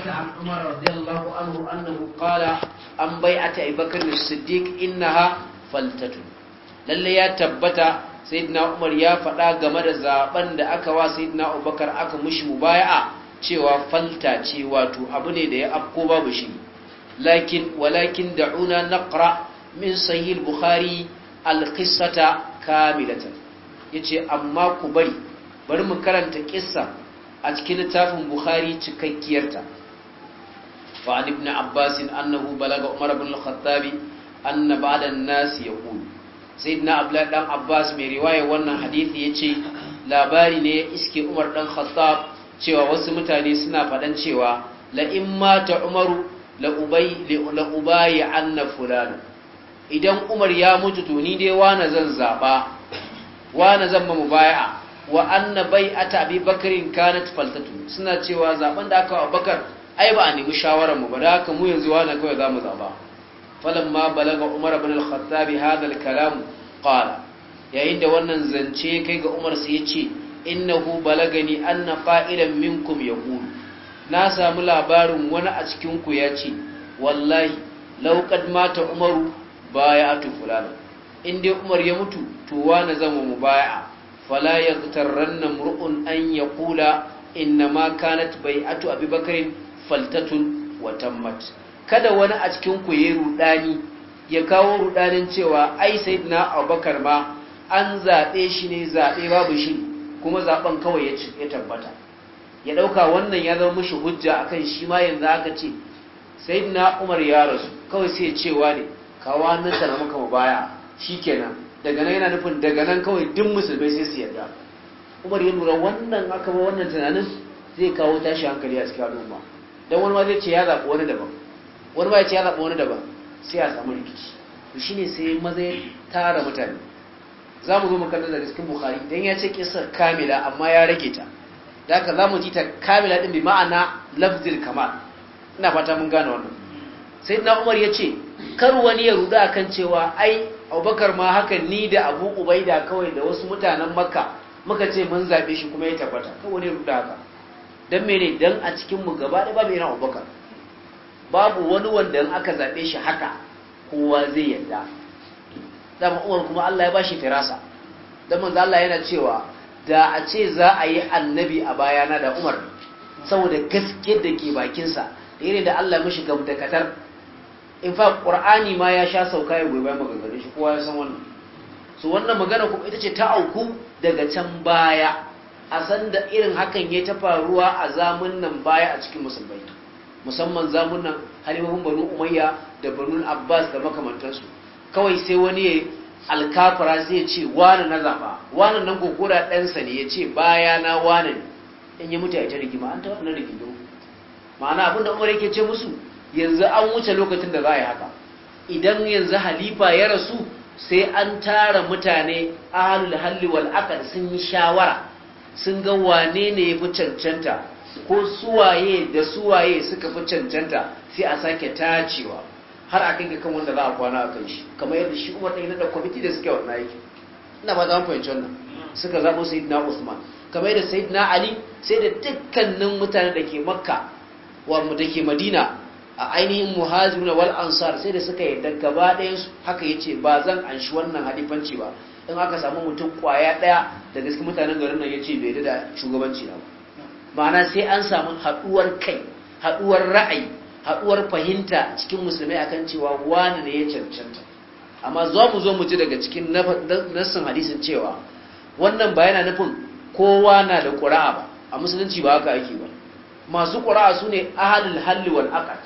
an bai عمر رضي الله عنه أنه قال عن بيعة ya بكر الصديق إنها فلتة للي game da zaben da aka wa sayyidina Abubakar aka mushi a cewa faltace wato abu ne da ya afko babu shi lakin walakin da'una naqra min sahih bukhari al-qissata yace amma ku bari bari mu karanta kissa a cikin littafin Bukhari cikakkiyarta وعن ابن عباس أنه بلغ عمر بن الخطاب أن بعد الناس يقول سيدنا عبد الله بن عباس من رواية وانا حديث يتي labari ne ya iske umar dan khattab cewa wasu mutane suna faɗan cewa la in mata umaru la ubay la idan umar ya mutu to ni dai wani zan zaba wani zan ma mubaya'a wa anna bai'ata abi bakrin kanat faltatu suna cewa zaɓen da aka a bakar ai ba a nemi shawarar mu ba da haka mu yanzu wani kawai za mu zaba ma balaga umar ibn al-khattab hada al-kalam qala yayin da wannan zance kai ga umar sai yace innahu balagani anna qa'ilan minkum yaqulu na samu labarin wani a cikin ku ce, wallahi law mata umaru bay'atu fulana in dai umar ya mutu to wani zama mu mubay'a fala na mur'un an yaqula inna ma kanat bay'atu abubakar faltatun wa kada wani a cikin ku yayi rudani ya kawo rudanin cewa ai sayyidina abubakar ma an zabe shi ne zabe babu shi kuma zaben kawai ya tabbata ya dauka wannan ya zama mushi hujja akan shi ma yanzu aka ce sayyidina umar ya rasu kawai sai cewa ne kawa nan sana maka baya shikenan daga nan yana nufin daga nan kawai duk musulmai sai su yarda umar ya lura wannan aka ba wannan tunanin zai kawo tashi hankali a cikin al'umma don wani ma zai ce ya zaɓi wani daban wani ma ya ce ya zaɓi wani daban sai a samu rikici to shine sai maza ya tara mutane za mu zo mu kallon da riskin bukhari don ya ce kisar kamila amma ya rage ta da haka za mu ji ta kamila ɗin bi ma'ana lafzil kamal ina fata mun gane wannan sai na umar ya ce kar wani ya ruda akan cewa ai abubakar ma haka ni da abu ubaida kawai da wasu mutanen makka muka ce mun zaɓe shi kuma ya tabbata kar wani ya rudu haka dan mene dan a cikin mu gaba da babu irin abubakar babu wani wanda in aka zaɓe shi haka kowa zai yarda dan umar kuma Allah ya bashi firasa dan manzo Allah yana cewa da a ce za a yi annabi a bayana da umar saboda gaske da ke bakinsa da irin da Allah mishi gamdakatar in fa qur'ani ma ya sha sauka ya goyi bayan maganganun shi kowa ya san wannan su wannan magana kuma ita ce ta auku daga can baya a san da irin hakan ya ta faruwa a nan baya a cikin musulmai musamman zamunan halimahun banu umayya da banu abbas da makamantarsu kawai sai wani ya alkafara sai ya ce wani na zafa wani nan kokora ɗansa ne ya ce baya na wani in yi mutu ya ta rigima an ta wani rigido ma'ana abin da umar yake ce musu yanzu an wuce lokacin da za a yi haka idan yanzu halifa ya rasu sai an tara mutane ahalul halli wal aqd sun yi shawara sun ga wane ne ya fi cancanta ko suwaye da suwaye suka fi cancanta sai a sake tacewa har a kanka kan wanda za a kwana a kan shi kamar yadda shi umar ɗaya da kwamiti da suke wannan aiki ina ba za mu fahimci wannan suka zaɓo na usman kamar yadda na ali sai da dukkanin mutane da ke makka wa da ke madina a ainihin muhajiruna wal ansar sai da suka yi, yadda gaba ɗayansu haka ya ce ba zan anshi wannan halifanci ba in aka samu mutum kwaya daya da gaske mutanen garin nan ya ce bai dada shugabanci na ba ma'ana sai an samu haduwar kai haduwar ra'ayi haduwar fahimta cikin musulmai akan cewa wani ne ya cancanta amma za mu zo mu ji daga cikin nassin hadisin cewa wannan ba yana nufin kowa na da ƙura'a ba a musulunci ba haka ake ba masu ƙura'a sune ne ahalul halli wal aqd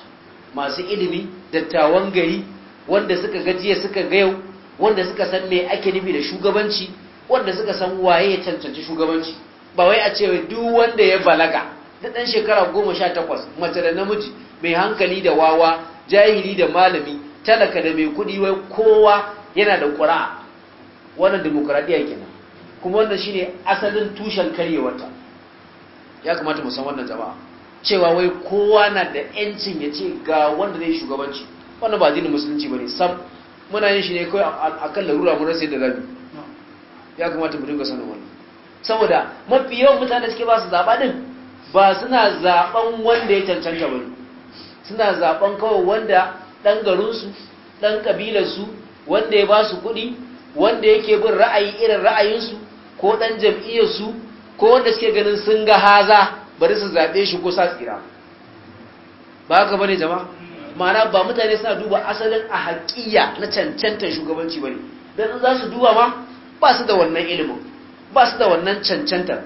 masu ilimi dattawan gari wanda suka gajiya suka ga yau wanda suka san me ake nufi da shugabanci wanda suka san waye ya cancanci shugabanci ba wai a ce duk wanda ya balaga da dan shekara 18 mace da namiji mai hankali da wawa jahili da malami talaka da mai kuɗi wai kowa yana da ƙura'a wannan demokradiya kenan kuma wannan shine asalin tushen karyewarta ya kamata mu san wannan jama'a cewa wai kowa na da yancin ya ce ga wanda zai shugabanci wannan ba dinin musulunci bane sam muna yin shi ne kawai akan larura mu rasa da zabi ya kamata mu dinga sanin wannan saboda mafi yawan mutane suke ba su zaɓa ɗin ba suna zaɓen wanda ya cancanta ba suna zaɓen kawai wanda ɗan garinsu ɗan ƙabilarsu wanda ya ba su kuɗi wanda yake bin ra'ayi irin ra'ayinsu ko ɗan jam'iyyarsu ko wanda suke ganin sun ga haza bari su zaɓe shi ko sa tsira ba haka bane jama'a ma'ana ba mutane suna duba asalin a haƙiya na cancantar shugabanci ba ne don za su duba ma ba su da wannan ilimin ba su da wannan cancantar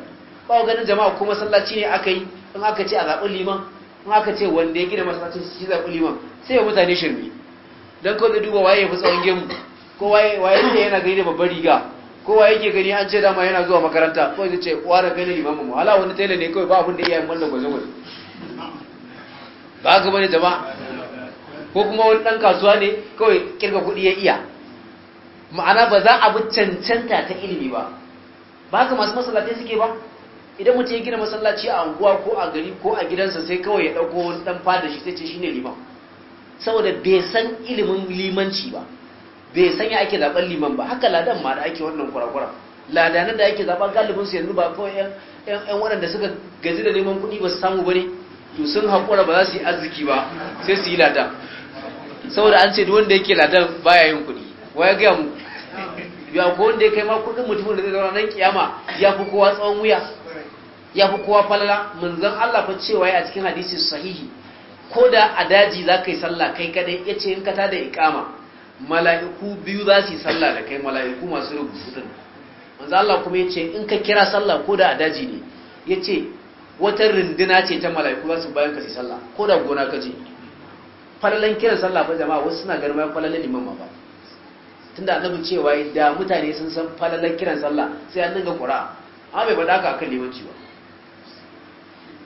ba wa ganin jama'a kuma sallaci ne aka yi in aka ce a zaɓi liman in aka ce wanda ya gina masallacin shi zaɓi liman sai ya mutane shirme don kawai zai duba waye ya fi tsawon gemu ko waye ne yana gani da babbar riga ko waye ke gani an ce dama yana zuwa makaranta ko zai ce wara gani liman mu hala wani tailor ne kawai ba abin da iyayen wannan gwaje-gwaje ba haka bane jama'a ko kuma wani ɗan kasuwa ne kawai kirga kuɗi ya iya ma'ana ba za a bi cancanta ta ilimi ba ba haka masu masallaci suke ba idan mutum ya gina masallaci a anguwa ko a gari ko a gidansa sai kawai ya ɗauko wani ɗan fada shi sai ce shine liman saboda bai san ilimin limanci ba bai san ya ake zaɓen liman ba haka ladan ma da ake wannan kurakura ladanan da ake zaɓen galibin su yanzu ba kawai yan waɗanda suka gaji da neman kuɗi ba su samu ba ne to sun haƙura ba za su yi arziki ba sai su yi ladan saboda an ce duk wanda yake ladar baya yin kuɗi waya ga mu ya ko wanda ya kai ma kuɗin mutumin da zai zama nan kiyama ya fi kowa tsawon wuya ya fi kowa falala manzon Allah fa cewa ya a cikin hadisi sahihi ko da a daji za ka yi sallah kai kadai ya ce in ka tada iqama mala'iku biyu za su yi sallah da kai mala'iku masu rubutun din manzo Allah kuma ya ce in ka kira sallah ko da a daji ne ya ce wata rinduna ce ta mala'iku za su bayan ka su sallah ko da gona ka je falalan kiran sallah fa jama'a wasu suna ganin ma falalan liman ma ba tunda annabi cewa da mutane sun san falalan kiran sallah sai an dinga qura'a amma bai faɗa ka akan limanci ba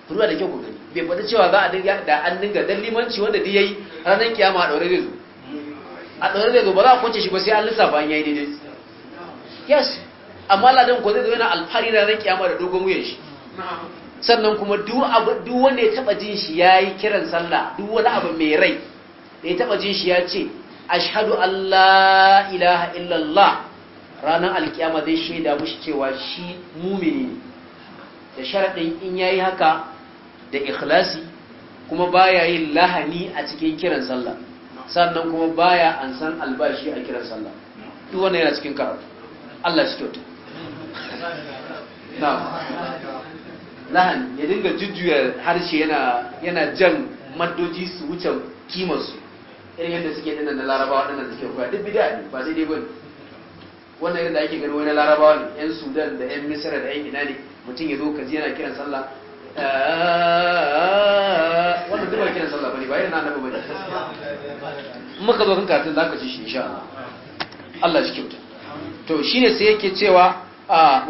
kuma da kyau ku gani bai faɗi cewa za a dinga da an dinga dan limanci wanda dai yayi ranar kiyama a daure zai zo a daure zai zo ba za a kwance shi ba sai an lissafa an yayi daidai yes amma ladan ko zai zo yana alfari ranan kiyama da dogon wuyan shi sannan kuma duk wanda ya taba jin shi ya yi kiran sallah duk wani abu mai rai da ya taba jin shi ya ce ashadu Allah ilaha illallah ranar alkiyama zai shaida mushi cewa shi mumini ne da sharaɗin in ya yi haka da ikhlasi kuma baya yin lahani a cikin kiran sallah sannan kuma baya an san albashi a kiran sallah duk wanda yana cikin karatu Allah shi kyauta na'am lahan ya dinga jujjuya harshe yana jan maddoji su wuce kimarsu irin yadda suke dinnan na larabawa dinnan da suke kuwa duk bid'a ne ba dai bane wannan irin da ake gani wani larabawa ne yan sudan da yan misira da yan ina ne mutum ya zo ka ji yana kiran sallah ah, wannan duk ba kiran sallah bane ba yana annabi bane muka zo kan za zaka ci shi insha Allah Allah shi kyauta to shine sai yake cewa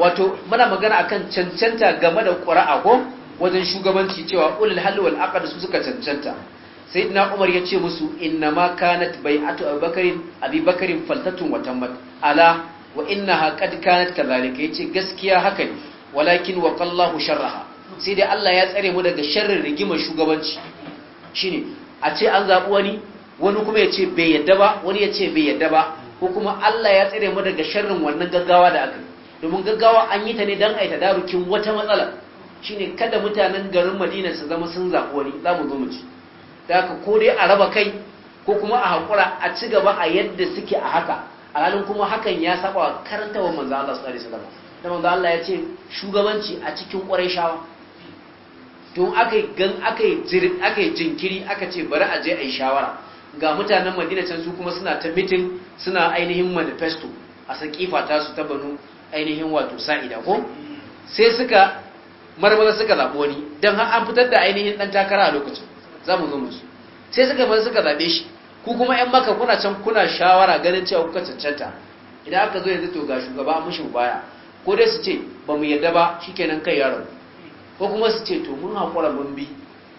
wato muna magana akan cancanta game da ƙura'a ko wajen shugabanci cewa ulul halli wal aqd su suka cancanta sayyidina umar ya ce musu inna ma kanat bai'atu abubakarin abubakarin faltatun watan mat ala wa innaha qad kanat kadhalika yace gaskiya haka ne walakin wa qallahu sharraha sai dai Allah ya tsare mu daga sharrin rigimar shugabanci shine a ce an zabi wani wani kuma ya ce bai yadda ba wani ya ce bai yadda ba ko kuma Allah ya tsare mu daga sharrin wannan gaggawa da aka yi domin gaggawa an yi ta ne don a yi tadarukin wata matsala shi ne kada mutanen garin madina su zama sun zaɓi wani za mu zo mu ci da haka ko dai a raba kai ko kuma a haƙura a ci gaba a yadda suke a haka alhalin kuma hakan ya saba wa wa manzan Allah su alaihi wasallam da manzan Allah ya ce shugabanci a cikin shawa don aka gan aka yi aka jinkiri aka ce bari a je a yi shawara ga mutanen Madina can su kuma suna ta mitin suna ainihin manifesto a sakifa ta su ta banu ainihin wato sa'ida ko sai suka marmara suka zaɓi wani don an fitar da ainihin ɗan takara a lokacin za mu zo musu sai suka maza suka zaɓe shi ku kuma 'yan maka kuna can kuna shawara ganin cewa kuka cancanta idan aka zo yanzu to ga shugaba mushi baya ko dai su ce ba mu yarda ba shi shikenan kai yaro ko kuma su ce to mun haƙura mun bi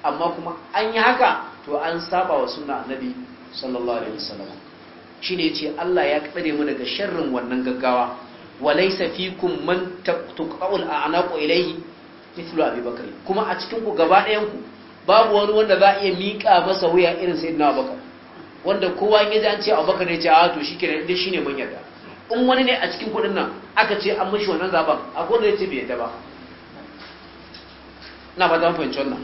amma kuma an yi haka to an saba wa sunna annabi sallallahu alaihi wasallam shine yace Allah ya kade mu daga sharrin wannan gaggawa وليس فيكم من تقطعوا الاعناق اليه مثل ابي بكر كما kuma a cikin ku gaba ɗayan ku babu wani wanda za a iya miƙa masa wuya irin sayyidina Abu Bakr wanda kowa ya ji an ce abubakar ne ce a ah, to shikenan dai shine mun yarda in wani ne a cikin kudin nan aka ce an mishi wannan zaban a gode ya ce bai yarda ba na ba zan fahimci wannan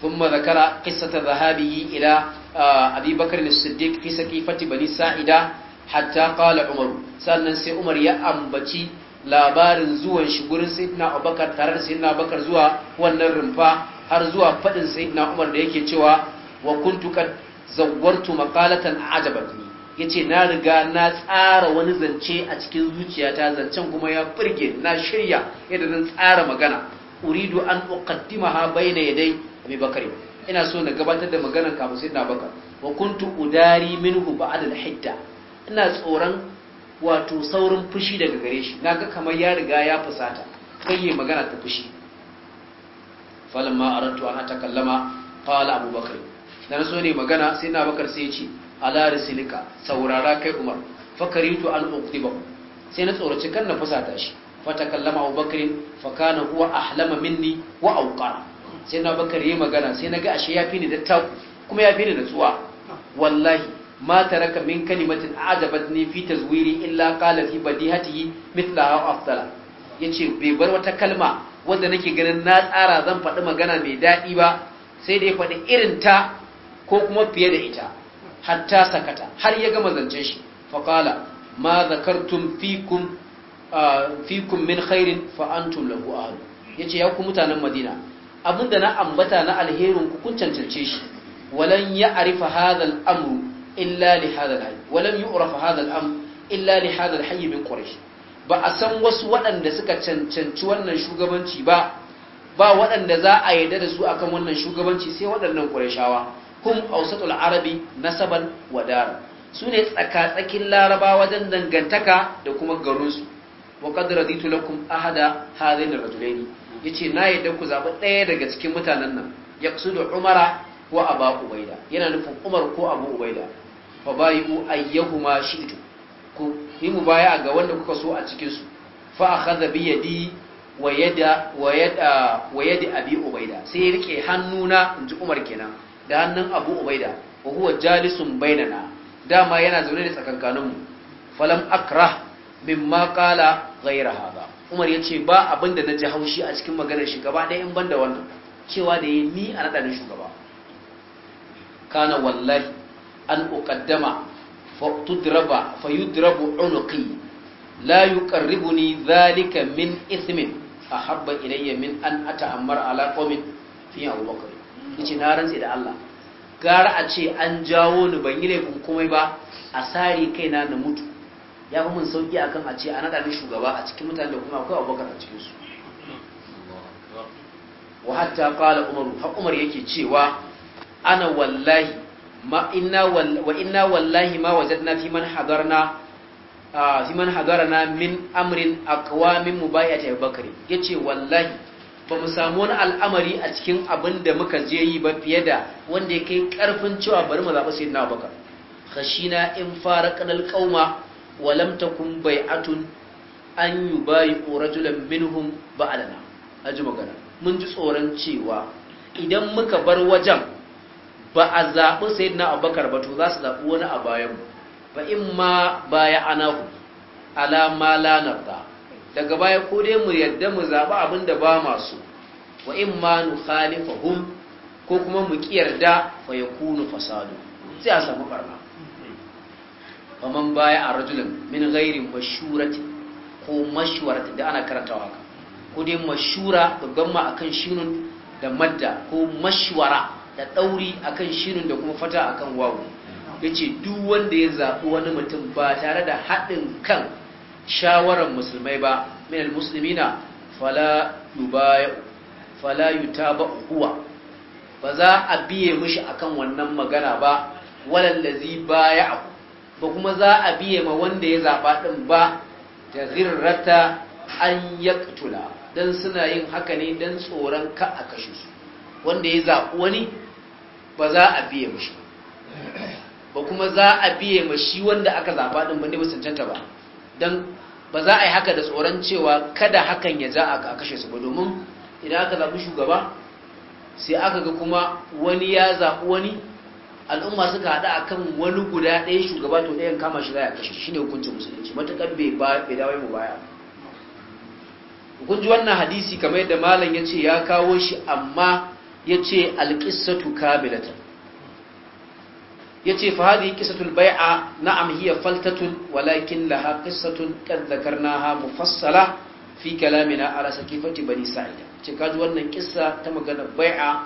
kuma zakara قصة zahabi ila ah, abubakar as-siddiq fi saqifati Bani Sa'ida. hatta qala umaru sannan sai umar ya ambaci labarin zuwan shi gurin sayyidina abubakar tare da sayyidina abubakar zuwa wannan rumfa har zuwa fadin sayyidina umar da yake cewa wa kuntu kad zawwartu maqalatan ajabatni yace na riga na tsara wani zance a cikin zuciyata zancen kuma ya burge na shirya yadda zan tsara magana uridu an uqaddimaha bayna yaday abi bakari ina so na gabatar da maganar kafin sayyidina abubakar wa kuntu udari minhu ba'da al-hidda ina tsoron wato saurin fushi daga gare shi naga kamar ya riga ya fusata kai yi magana ta fushi falamma arantu an takallama qala abubakar dan so ne magana sai na bakar sai ya ce ala risilika saurara kai umar fakaritu an uqtiba sai na tsoraci kan na fusata shi fatakallama abubakar fakana huwa ahlama minni wa auka. sai na bakar yi magana sai naga ashe ya fi ni da ta kuma ya fi ni da tsuwa wallahi ma taraka min kalimatin ajabatni fi tazwiri illa qala fi badihatihi mithlaha aw yace bai bar wata kalma wanda nake ganin na tsara zan faɗi magana mai daɗi ba sai dai faɗi irin ta ko kuma fiye da ita hatta sakata har ya gama zancen shi fa ma zakartum fikum fikum min khairin fa antum lahu ahlu yace ya ku mutanen Madina abinda na ambata na alherin ku kun cancance shi walan ya arifa hadha al-amru illa li hadha al-hayy wa lam yu'raf illa li hadha al ba a san wasu waɗanda suka cancanci wannan shugabanci ba ba waɗanda za a yarda da su akan wannan shugabanci sai waɗannan qurayshawa hum Ausatul arabi nasaban wa dara sune tsakatsakin laraba wajen dangantaka da kuma garin su wa qad raditu lakum ahada hadhain ar-rajulaini yace na yarda ku zabi ɗaya daga cikin mutanen nan yaqsudu umara wa abu ubaida yana nufin umar ko abu ubaida fa ayyahu ayyahuma shi'tu ku yi a ga wanda kuka so a cikin su fa akhadha bi yadi wa yada wa yada wa yadi abi ubaida sai ya rike hannuna inji umar kenan da hannun abu ubaida wa huwa jalisun bainana dama yana zaune da tsakankanin mu falam akrah mimma qala ghayra hada umar yace ba abinda ji haushi a cikin maganar shi gaba da in banda wannan cewa da yi ni a nada shugaba kana wallahi an uƙaddama fa tudraba fa yudrabu unuqi la yuqarribuni dhalika min ithmin ahabba ilayya min an ata'ammar ala qaumin fi abubakar yace na rantse da Allah gara a ce an jawo ni ban yi laifin komai ba a sare kaina na mutu ya fi mun sauki akan a ce a naɗa ni shugaba a cikin mutane da kuma akwai abubakar a cikin su wa hatta qala umaru har umar yake cewa ana wallahi wa inna wallahi ma wajadna fi man hadarna fi man hadarna min amrin aqwamin mubayati abubakar yace wallahi ba mu samu wani al'amari a cikin abin da muka je yi ba fiye da wanda ya kai karfin cewa bari mu zaɓi sayyidina abubakar khashina in fara kanal qauma wa lam takun bai'atun an yubayi'u rajulan minhum ba'alana aji mun ji tsoron cewa idan muka bar wajen ba a zaɓi sayyidina abubakar ba to za su zaɓi wani a bayan mu in ma baya ana ala Alama lanar da. daga baya ko dai mu yadda mu zaɓi abin da ba masu wa in ma nu khalifahum ko kuma mu kiyarda fa yakunu fasadu sai a samu barna man baya a rajulun min gairin mashurati ko mashwarati da ana karantawa haka ko dai mashura babban ma akan shinun da madda ko mashwara da ɗauri akan shirin da kuma fata akan wawu ya ce duk wanda ya zaɓi wani mutum ba tare da haɗin kan shawarar musulmai ba musulmi na fala ta ba kuwa ba za a biye mishi akan wannan magana ba walallazi baya ba kuma za a biye ma wanda ya zaɓa ɗin ba da zirrata an yaktula don suna yin haka ne don tsoron ka a kashe su wanda ya zaɓi wani ba za a biye mashi ba kuma za a biye mashi wanda aka zaba din bane ba cancanta ba dan ba za a yi haka da tsoron cewa kada hakan ya za a kashe su ba domin idan aka zabi shugaba sai aka ga kuma wani ya zabi wani al'umma suka haɗa a kan wani guda ɗaya shugaba to ɗayan kama shi za a kashe shi ne hukuncin musulunci matuƙar bai dawo mu baya hukunci wannan hadisi kamar yadda malam ya ce ya kawo shi amma ya ce alƙisatu kamilatan ya ce fa hadi ƙisatul bai'a na'am hiya faltatun walakin laha ƙisatun ha mu mufassala fi kalamina ala sakifati bani sa'ida ce kaji wannan kisa ta magana bai'a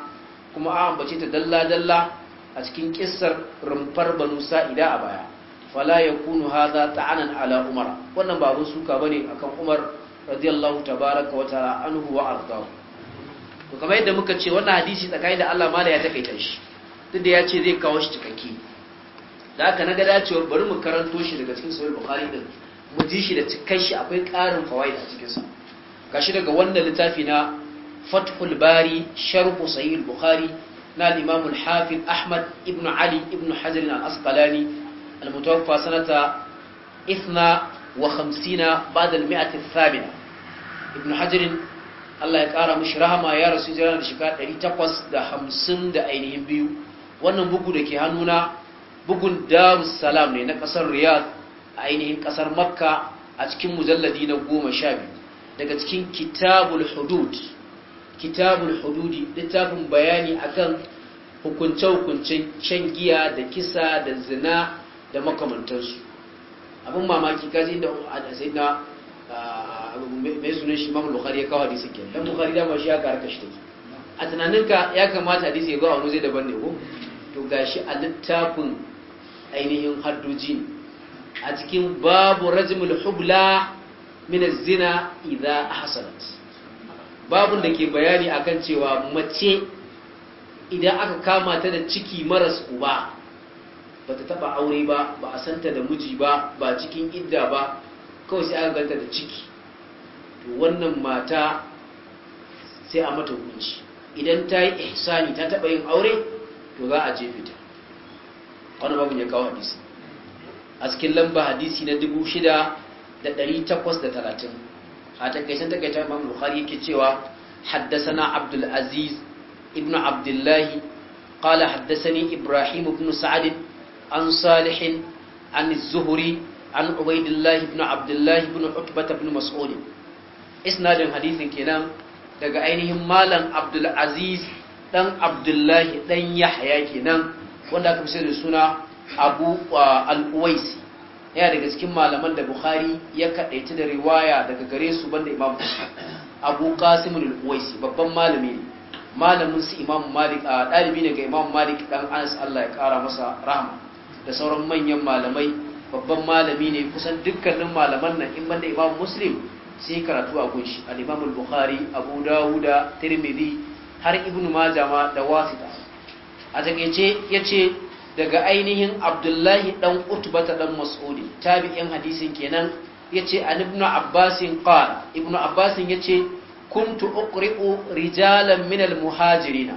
kuma an ambace ta dalla-dalla a cikin ƙisar rumfar banu sa'ida a baya fala ya kunu ta ta'anan ala umar wannan ba abin suka bane akan umar radiyallahu tabaraka wa ta'ala anhu wa ardahu to kamar yadda muka ce wannan hadisi tsakanin da Allah mala ya takaita shi duk da ya ce zai kawo shi cikakke da aka na ga dacewar bari mu karanto shi daga cikin sahih bukhari din mu ji shi da cikai shi akwai karin fawaid a cikin sa gashi daga wannan littafi na fathul bari sharh sahih bukhari na al-imam al-hafiz ahmad ibn ali ibn hajar al-asqalani al-mutawaffa sanata 52 بعد المئة الثامنة ابن حجر Allah ya ƙara mishi rahama ya rasu jirana da ɗari 850 da ainihin biyu wannan bugu da ke hannuna bugun darussalam ne na ƙasar riyadh a ainihin ƙasar makka a cikin mujalladi na goma sha biyu daga cikin kitabul hudud kitabul hududi littafin bayani akan hukunce-hukuncen can giya da kisa da zina da makamantarsu abin mamaki kaji da sayyidina mai sunan shi imam bukhari ya kawo hadisi ke dan bukhari da shi ya karka shi take a tunaninka ya kamata hadisi ya zo zai daban ne ko to gashi a littafin ainihin haddoji a cikin babu rajimul hubla min az-zina idza ahsanat babun da ke bayani akan cewa mace idan aka kama ta da ciki maras uba bata taba aure ba ba a santa da miji ba ba cikin idda ba kawai sai aka ganta da ciki to wannan mata sai a mata hukunci idan ta yi ihsani ta taɓa yin aure to za a jefe ta wani babin ya kawo hadisi a cikin lamba hadisi na 6,830 a takaicen takaicen mu buhari yake cewa haddasana na aziz ibn abdullahi قال حدثني إبراهيم بن سعد عن صالح عن الزهري عن عبيد الله بن عبد الله بن عتبة بن مسعود isnadin hadisin kenan daga ainihin malam abdul aziz dan abdullahi dan yahya kenan wanda aka fi da suna abu uh, al-uwaisi yana daga cikin malaman da bukhari ya kaɗaici da riwaya daga gare su banda imam abu qasim al-uwaisi babban malami ne malamin su imam malik a uh, dalibi ne ga imam malik dan anas allah ya kara masa rahama da sauran manyan malamai babban malami ne kusan dukkanin malaman nan in banda imam muslim sai karatu a gunshi al bukhari abu dawuda tirmidhi har ibnu majah ma da wasita a ya yace daga ainihin abdullahi dan utbata dan mas'udi tabi'in hadisin kenan yace an ibnu abbasin qala ibnu abbasin yace kuntu uqri'u rijalan min al-muhajirina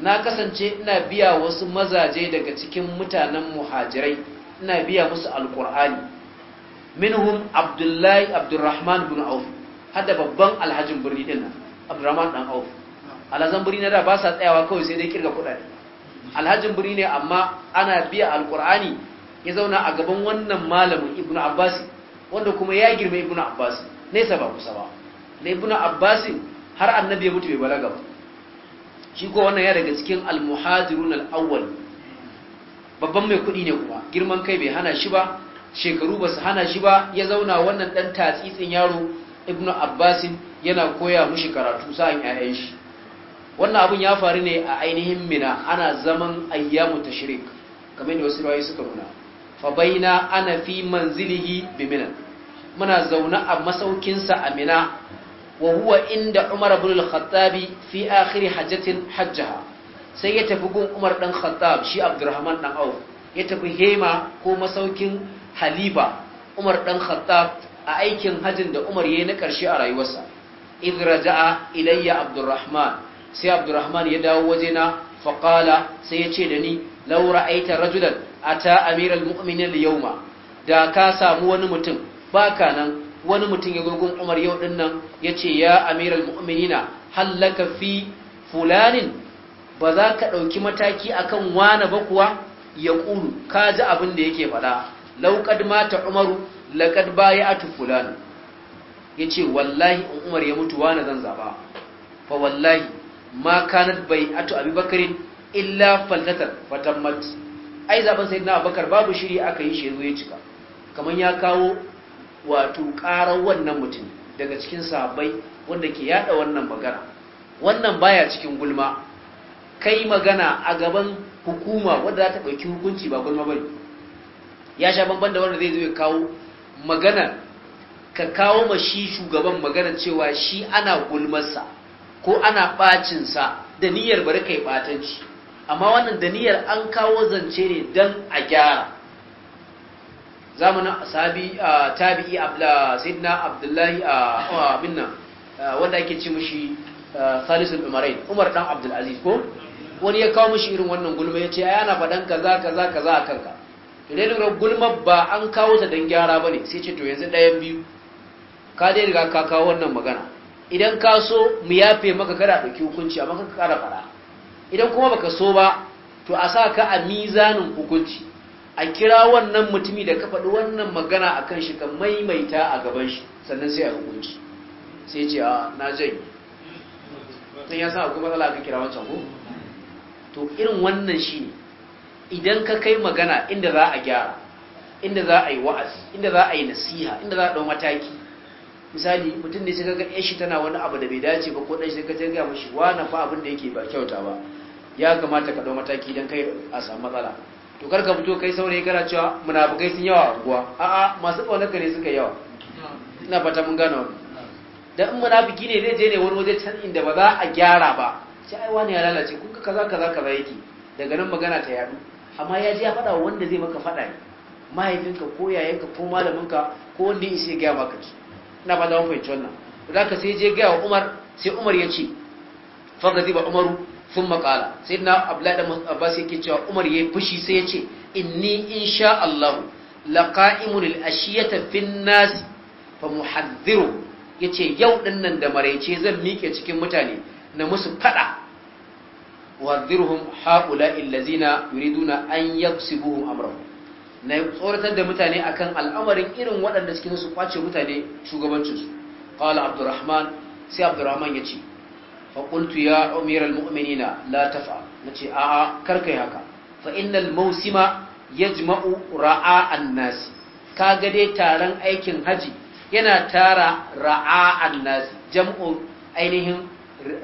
na kasance ina biya wasu mazaje daga cikin mutanen muhajirai ina biya musu alqur'ani minhum abdullahi abdurrahman bin auf hada babban alhajin birni din nan abdurrahman dan auf alhazan birni na da ده باسا tsayawa kawai sai dai kirga kudade alhajin birni ne amma ana biya alqur'ani ya zauna a gaban wannan malamin ibnu abbas wanda kuma ya girma ibnu abbas ne ba ku ba ne ibnu abbas har annabi ya mutu bai balaga ba shi ko wannan ya daga cikin Al muhadirun al-awwal babban mai kuɗi ne kuma girman kai bai hana shi ba shekaru ba su hana shi ba ya zauna wannan ɗan tatsitsin yaro ibnu abbasin yana koya mushi karatu sa'an 'ya'yan shi wannan abun ya faru ne a ainihin mina ana zaman ayyamu tashrik kamar da wasu rawayi suka nuna fa baina ana fi manzilihi bi mina muna zauna a masaukinsa a mina wa huwa inda umar ibn al-khattab fi akhir hajjatin hajjaha sai ya tafi gun umar dan khattab shi abdurrahman dan auf ya tafi hema ko masaukin halifa umar ɗan khattab a aikin hajjin da umar ya yi na karshe a rayuwarsa idh raja'a ilayya abdurrahman sai abdurrahman ya dawo wajena fa qala sai ya ce da ni law ra'aita a ta amiral mu'minin yau yawma da ka samu wani mutum ba ka nan wani mutum ya gurgun umar yau din nan ya ce ya amiral mu'minina hallaka fi fulanin ba za ka ɗauki mataki akan wani ba kuwa ya kulu ka ji abin da yake faɗa law qad mata umaru laqad bay'atu fulan yace wallahi in umar ya mutu na zan zaba fa wallahi ma kanat bai'atu abubakarin illa fallatar fatammat ai zaben sayyidina abubakar babu shiri aka yi shi ya cika kaman ya kawo wato karar wannan mutum daga cikin sahabbai wanda ke yada wannan magana wannan baya cikin gulma kai magana a gaban hukuma wadda za ta ɗauki hukunci ba gulma bane ya sha banban da wanda zai zo ya kawo magana ka kawo ma shi shugaban magana cewa shi ana gulmarsa ko ana bacinsa da niyyar bari kai batanci amma wannan da niyyar an kawo zance ne don a gyara zamanin sahabi tabi'i abla sayyidina abdullahi a minna wanda ake ce mishi salisul umarain umar dan abdul aziz ko wani ya kawo mishi irin wannan gulma ya ce ai ana faɗan kaza kaza kaza a kanka da ya lura gulmar ba an kawo ta don gyara ba ne sai ce to yanzu ɗayan biyu ka dai daga ka kawo wannan magana idan ka so mu yafe maka kada ɗauki hukunci amma ka ƙara fara idan kuma baka so ba to a sa ka a mizanin hukunci a kira wannan mutumi da ka faɗi wannan magana a kan shi ka maimaita a gaban shi sannan sai a hukunci sai ce a ah, na janye don ya sa akwai matsala ka kira wancan ko to irin wannan shi ne idan ka kai magana inda za a gyara inda za a yi wa'azi inda za a yi nasiha inda za a ɗau mataki misali mutum ne sai ga yashi tana wani abu da bai dace ba ko ɗan shi kace ga wa wani fa abin da yake ba kyauta ba ya kamata ka dau mataki dan kai a samu matsala to karka fito kai saurayi kana cewa munafikai sun yawa guwa. a'a masu kaunar ka ne suka yawa ina fata mun gano Da in munafiki ne zai je ne wani waje can inda ba za a gyara ba sai ai wani ya lalace kun ga kaza kaza kaza yake daga nan magana ta yadu amma ya ji ya faɗa wanda zai maka faɗa ne mahaifinka ko yayanka ko malaminka ko wanda ya gaya maka ki? ina ba za mu fahimci wannan za ka sai je gaya wa umar sai umar ya ce zai ba umaru sun makala sai na abdullahi dan abbas yake cewa umar ya fushi sai ya ce inni insha allahu laqa'imun al-ashiyata fin nas fa Ya yace yau dinnan da maraice zan mike cikin mutane na musu fada wadirhum haula illazina yuriduna an yaksubuhum amrahum na tsoratar da mutane akan al'amarin irin waɗanda suke su kwace mutane shugabancin su qala abdurrahman sai abdurrahman yace fa qultu ya umir almu'minina la tafa nace a a karkai haka fa innal mawsima yajma'u ra'a an-nas kaga dai taron aikin haji yana tara ra'a an-nas jam'u ainihin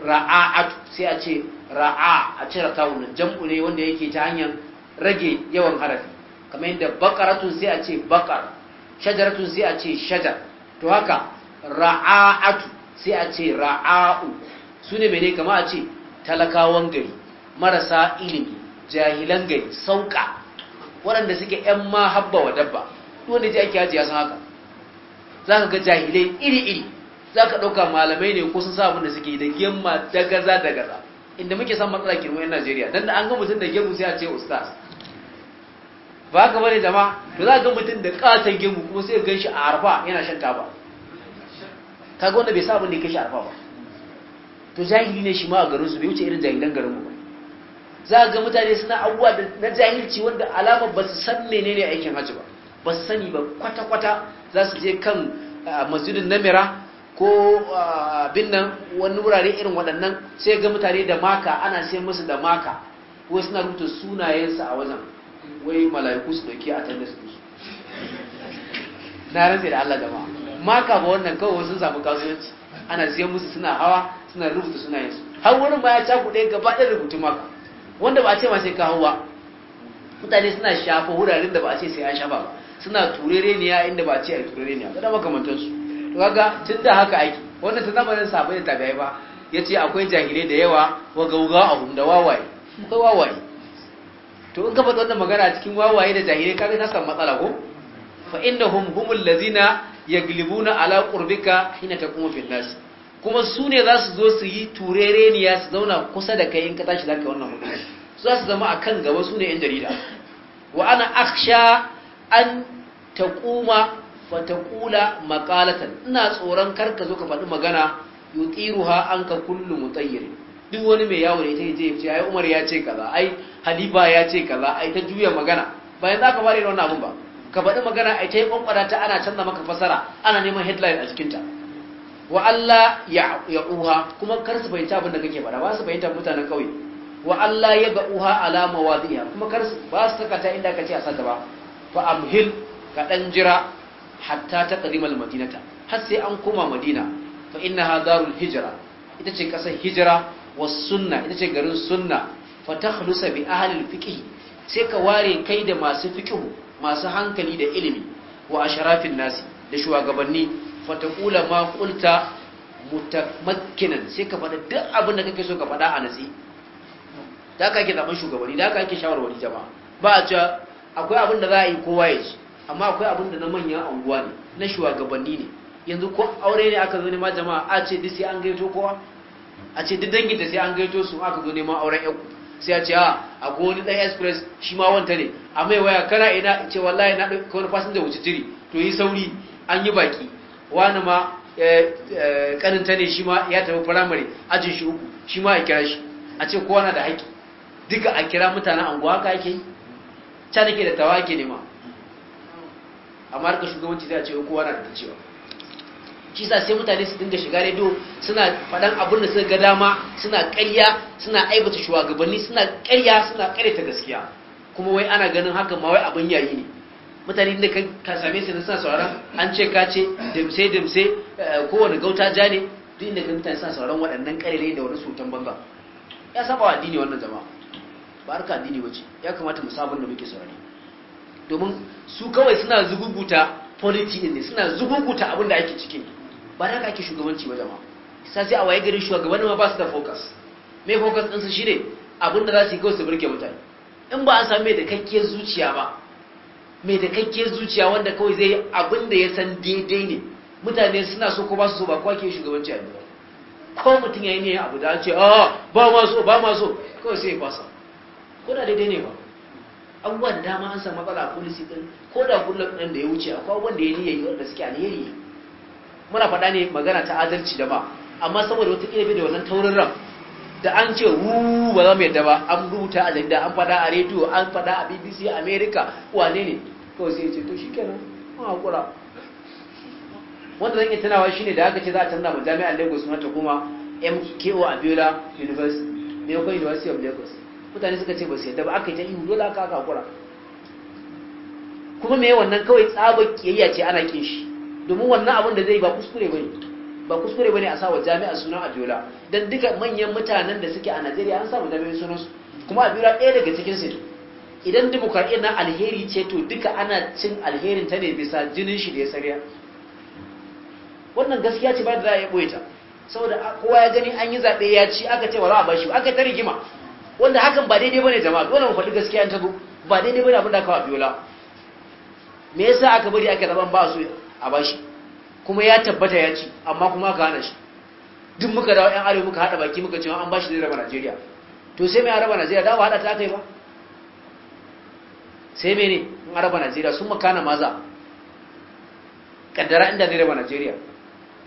ra'a'at sai a ce ra'a a cire tawunan jam'u ne wanda yake ta hanyar rage yawan harafi kamar yadda Bakaratu sai a ce bakar shajaratun sai a ce shajar to haka ra'a'atu sai a ce ra'a'u su ne mene kama a ce talakawan gari marasa ilimi jahilan gari sauka waɗanda suke ‘yan ma habba wa dabba wanda ji ake haji ya san haka za ka ga jahilai iri-iri za ka ɗauka malamai ne ko sun da suke da gemma da gaza da gaza inda muke san matsala ke wuyan Najeriya dan da an ga mutum da gemu sai a ce ustaz ba ka bane jama'a to za ga mutum da kasa gemu kuma sai ganshi a arfa yana shan taba ga wanda bai sabon da kashi arfa ba to jahili ne shi ma a garin su bai wuce irin jahilan garin mu ba za ga mutane suna abuwa na jahilci wanda alama ba su san menene aikin haji ba ba su sani ba kwata-kwata za su je kan ah, masjidin namira ko ah, abin nan wani wurare irin waɗannan sai ga mutane da maka ana sai musu da maka ko suna rubuta sunayensa a wajen wai mala'iku su dauki a tanda su na rantsa da Allah jama'a maka ba wannan kawai sun samu kasuwanci ana siyan musu suna hawa suna rubuta sunayensu har wani ma ya cakuɗe gaba ɗaya rubutu maka wanda ba a ce ma sai ka hawa mutane suna shafa wuraren da ba a ce sai an shafa ba suna turereniya inda ba a ce a turereniya ba da makamantansu to kaga da haka aiki wanda ta zama zamanin sahabbai da tabi'ai ba ya ce akwai jahilai da yawa wa gawga'ahum da wawaye akwai wawaye to in ka faɗi wannan magana cikin wawaye da jahilai kaga ka san matsala ko fa innahum humul ladzina yaglibuna ala qurbika hina taqumu fil nas kuma su ne za su zo su yi ya su zauna kusa da kai in ka tashi zaka wannan hudu su za su zama a kan gaba su ne 'yan jarida wa ana akhsha an taquma Fatakula kula makalatan ina tsoron karka zo ka faɗi magana yuqiruha anka kullu mutayyir duk wani mai yawo ne ita je ya ce ai Umar ya ce kaza ai Halifa ya ce kaza ai ta juya magana bayan zaka fara yin wannan abun ba ka faɗi magana ai ta yi ta ana canza maka fasara ana neman headline a cikin ta wa Allah ya ya'uha kuma kar su bayyana abin da kake faɗa ba su bayyana mutanen kauye wa Allah ya ba'uha ala mawadiha kuma kar ba su saka ta inda kace a sata ba fa amhil ka dan jira hatta ta taqdimal madinata har sai an koma madina fa innaha hadarul hijra ita ce kasar hijira was sunna ita ce garin sunna fa takhlusa bi ahli al fiqh sai ka ware kai da masu fiqh masu hankali da ilimi wa asharafin nasi da shugabanni fa ta taqula ma qulta mutamakkinan sai ka faɗa duk abin da kake so ka faɗa a nasi da ka ake zaman shugabanni da haka ake shawarwari jama'a ba a cewa akwai abin da za a yi kowa ya ci amma akwai abin da na manyan anguwa ne na shugabanni ne yanzu ko aure ne aka zo ne ma jama'a a ce duk sai an gaito kowa a ce duk dangin da sai an gaito su aka zo ne ma auren yanku sai a ce a ah, a goni dan express shi ma wanta ne a mai waya kana ina ce wallahi na ɗauki wani fasin da wuce jiri to yi sauri an yi baki wani ma kaninta eh, eh, ne shi ma ya tafi firamare ajin shi uku shi ma a kira shi a ce kowa na da haƙƙi duka a kira mutanen anguwa ka ake yi can da ke da tawa ne nema amma harkar shugabanci zai ce kowa na da cewa shi sa sai mutane su dinga shiga rediyo suna faɗan abin da suka ga dama suna ƙarya suna aibata shugabanni suna ƙarya suna ƙaryata gaskiya kuma wai ana ganin haka ma wai abin yayi ne mutane da ka same su suna sauran an ce ka ce damse damse eh, kowane gauta ja ne duk inda ka mutane suna sauran waɗannan ƙarere da wani sultan banza ya saba wa addini wannan jama'a ba harka addini wace ya kamata mu sabon da muke saurari domin su kawai suna zugunguta politi ne suna zugunguta abin da ake cikin ba da ake shugabanci ba jama'a sa sai a waye garin shugabanni ma ba su da focus mai focus din shi ne abin da za su yi kawai su burge mutane in ba a samu mai da kakke zuciya ba mai da kakkiyar zuciya wanda kawai zai yi abin da ya san daidai ne mutane suna so ko ba su so ba kwa ke shugabanci a duniya ko mutum ya yi ne abu da ce ah, ba ma so ba ma so kawai sai ya ko kuna daidai ne ba abubuwan dama an samu matsala policy din ko da kullum ɗin da ya wuce akwai abubuwan da ya niyayi yi wanda suke alheri muna faɗa ne magana ta adalci da ba amma saboda wata ƙila bai da wannan taurin ran da an ce wu ba za mu yadda ba an rubuta a jarida an faɗa a rediyo an faɗa a bbc america wane ne ko sai ce to shikenan mun hakura wanda zan iya tunawa shine da aka ce za a canza ma jami'ar lagos na ta kuma mko abiola university ne kuma university of lagos mutane suka ce ba su yadda ba aka yi ta ihu dole aka kakura kuma me wannan kawai tsabar kiyayya ce ana kin shi domin wannan abin da zai ba kuskure ne ba kuskure bane a sawa jami'a sunan abiola don duka manyan mutanen da suke a Najeriya an samu jami'in sunan su kuma abiola ɗaya daga cikin su idan demokradiyya na alheri ce to duka ana cin alherin ta ne bisa jinin shi da ya sarya wannan gaskiya ce ba da za a yi ɓoye ta saboda kowa ya gani an yi zaɓe ya ci aka ce wala a bashi aka ta rigima wanda hakan ba daidai bane jama'a dole mu faɗi gaskiya ta go ba daidai bane abinda aka wa Abiola me yasa aka bari aka raban ba su a bashi kuma ya tabbata ya ci amma kuma aka hana shi duk muka dawo yan arewa muka hada baki muka cewa an bashi zai raba Najeriya to sai mai raba Najeriya da ba hada ta kai ba sai ne in raba Najeriya sun makana maza kaddara inda zai raba Najeriya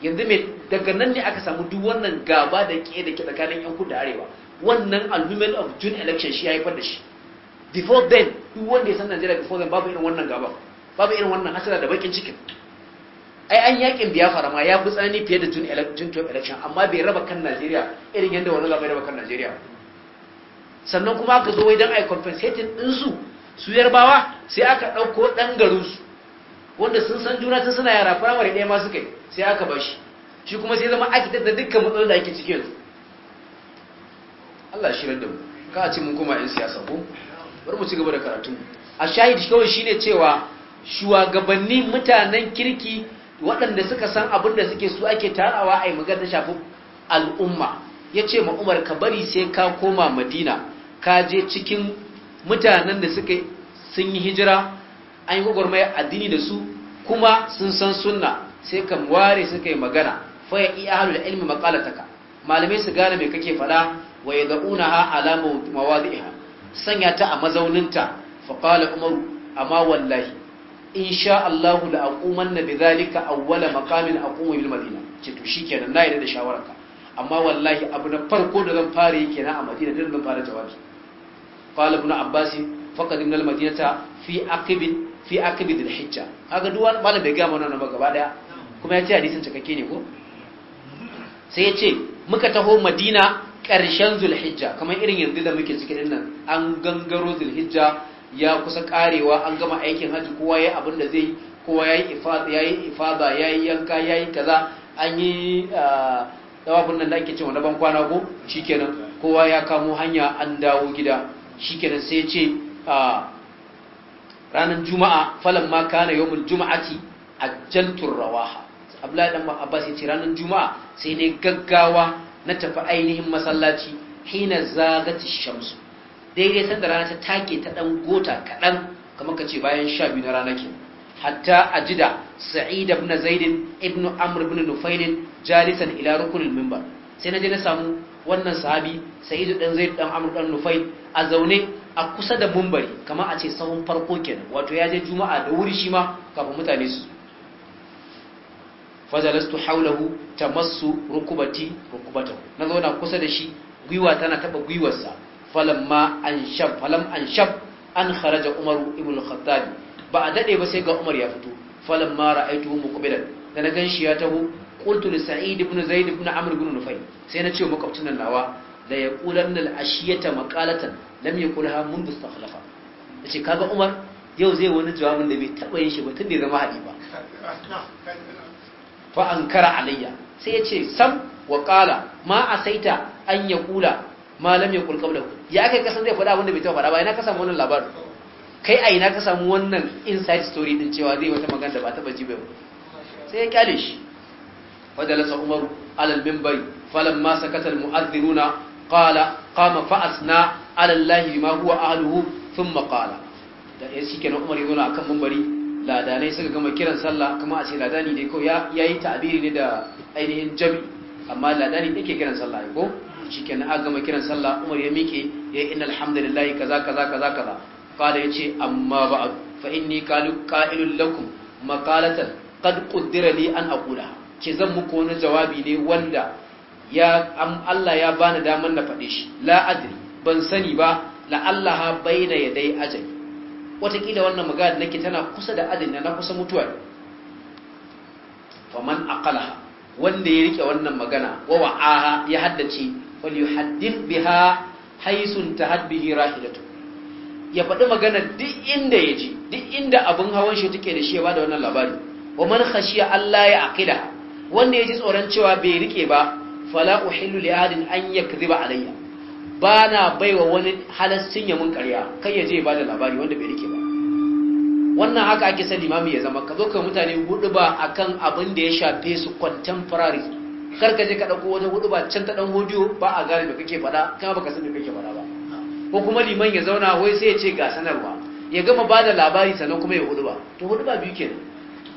yanzu mai daga nan ne aka samu duk wannan gaba da ke da ke tsakanin yan kudu da arewa wannan annulment of june election shi ya haifar da shi before then duk wanda ya san Najeriya before then babu irin wannan gaba babu irin wannan hasara da bakin cikin ai an yakin biyafara ma ya fi tsanani fiye da june election election amma bai raba kan Najeriya irin yadda wani gaba ya raba kan Najeriya sannan kuma aka zo wai don ai compensating din su su yarbawa sai aka ɗauko ɗan garin su wanda sun san juna tun suna yara firamare ɗaya ma suka yi sai aka bashi shi kuma sai zama aka da dukkan matsalolin da ake cikin yanzu. Allah shirar da mu ka a mun koma yan siyasa ko bari mu ci gaba da karatu a shahid kawai shine cewa shugabanni mutanen kirki waɗanda suka san abin da suke su ake tarawa a yi magana ta shafi al'umma ya ce ma umar ka bari sai ka koma madina ka je cikin mutanen da suka sun yi hijira an yi gwagwarmaya addini da su kuma sun san sunna sai kan ware suka yi magana faya iya da ilmi makalataka malamai su gane mai kake faɗa? wa yad'unaha alamu mawadi'iha sanya ta a mazauninta fa qala umar amma wallahi in sha Allah la aqumanna bidhalika awwala maqamin aqumu bil madina ce to shikenan na yi da shawararka amma wallahi abu na farko da zan fara yake na a madina da zan fara jawabi qala ibn abbas faqad min al madinata fi aqibin fi aqibid al hijja kaga duk wani malam bai ga mana nan gaba daya kuma ya ce hadisin cikakke ne ko sai ya ce muka taho madina ƙarshen zulhijja kamar irin yanzu da muke cikin nan an gangaro zulhijja ya kusa karewa an gama aikin hajji kowa ya abin da zai kowa ya yi ifada ya yi yanka ya kaza an yi dawafin ah, nan da ake cewa na ban kwana ko shikenan kowa ya kamo hanya an dawo gida shikenan sai ce ah, ranar juma'a falan ma kana yawmul juma'ati ajjaltur rawaha abdullahi dan abbas ya ce ranar juma'a sai ne gaggawa na tafi ainihin masallaci hina zagati shamsu daidai sanda rana ta take ta dan gota kaɗan kamar ka ce bayan sha biyu na rana ke hatta a jida sa'id ibn zaidin ibn amr ibn nufailin jalisan ila rukunin mimbar sai na je na samu wannan sahabi sa'id dan zaid dan amr dan nufail a zaune a kusa da mumbari kamar a ce sahun farko kenan wato ya je juma'a da wuri shi ma kafin mutane su wajalastu haulahu tamassu rukubati rukubatahu na zauna kusa da shi gwiwa tana taba gwiwarsa falamma anshab falam anshab an kharaja umaru ibn al-khattab ba a dade ba sai ga umar ya fito falamma ra'aytuhu muqbilan da na ganshi ya taho qultu li sa'id ibn zaid ibn amr ibn nufayl sai na ce makwabcin nan nawa la yaqulanna al-ashiyata maqalatan lam yaqulha mundu istakhlafa nace kaga umar yau zai wani jawabin da bai taba yin shi ba tun zama ya zama ba. fa ankara alayya sai ya ce sam wa qala ma saita an yaqula ma lam yaqul qablahu ya kai kasan zai faɗa abin da bai taɓa faɗa ba ina ka samu wannan labarin kai a ina ka samu wannan inside story din cewa zai wata magana da ba taɓa ji ba sai ya kyale shi fadalasa umaru alal minbari falan sakata al mu'adhdhiruna qala qama fa asna ala allahi bima huwa ahluhu sun maƙala da shi kenan umar yana akan minbari ladanai suka gama kiran sallah kuma a ce ladani ne ko ya yi ta'abiri ne da ainihin jami amma ladani ne ke kiran sallah ko shikenan aka gama kiran sallah Umar ya miƙe ya yi innal hamdalillahi kaza kaza kaza kaza ya yace amma ba'd fa inni qalu qa'ilul lakum maqalatan qad qaddara li an aqula zan muku wani jawabi ne wanda ya Allah ya bani damar na faɗe shi la adri ban sani ba la Allah ya yadai ajali watakila wannan magana nake tana kusa da adina na kusa mutuwa ne faman aqalaha wanda ya rike wannan magana wa wa'aha ya haddace wal yuhaddith biha haisun tahad bihi rahilatu ya faɗi magana duk inda ya ji duk inda abin hawan shi take da shi ya bada wannan labari wa man khashiya Allah ya aqila wanda ya ji tsoron cewa bai rike ba fala uhillu li ahadin an yakdhiba alayya ba na baiwa wani halascin yamin mun ƙarya kai ya je ba da labari wanda bai rike ba wannan haka ake san limami ya zama ka zo ka mutane hudu ba kan abin da ya shafe su contemporary kar ka je ka ɗauko wata hudu ba can ta ɗan hodiyo ba a gane da kake faɗa kuma baka san me kake faɗa ba ko kuma liman ya zauna wai sai ya ce ga sanarwa ya gama ba da labari sannan kuma ya hudu ba to hudu ba biyu kenan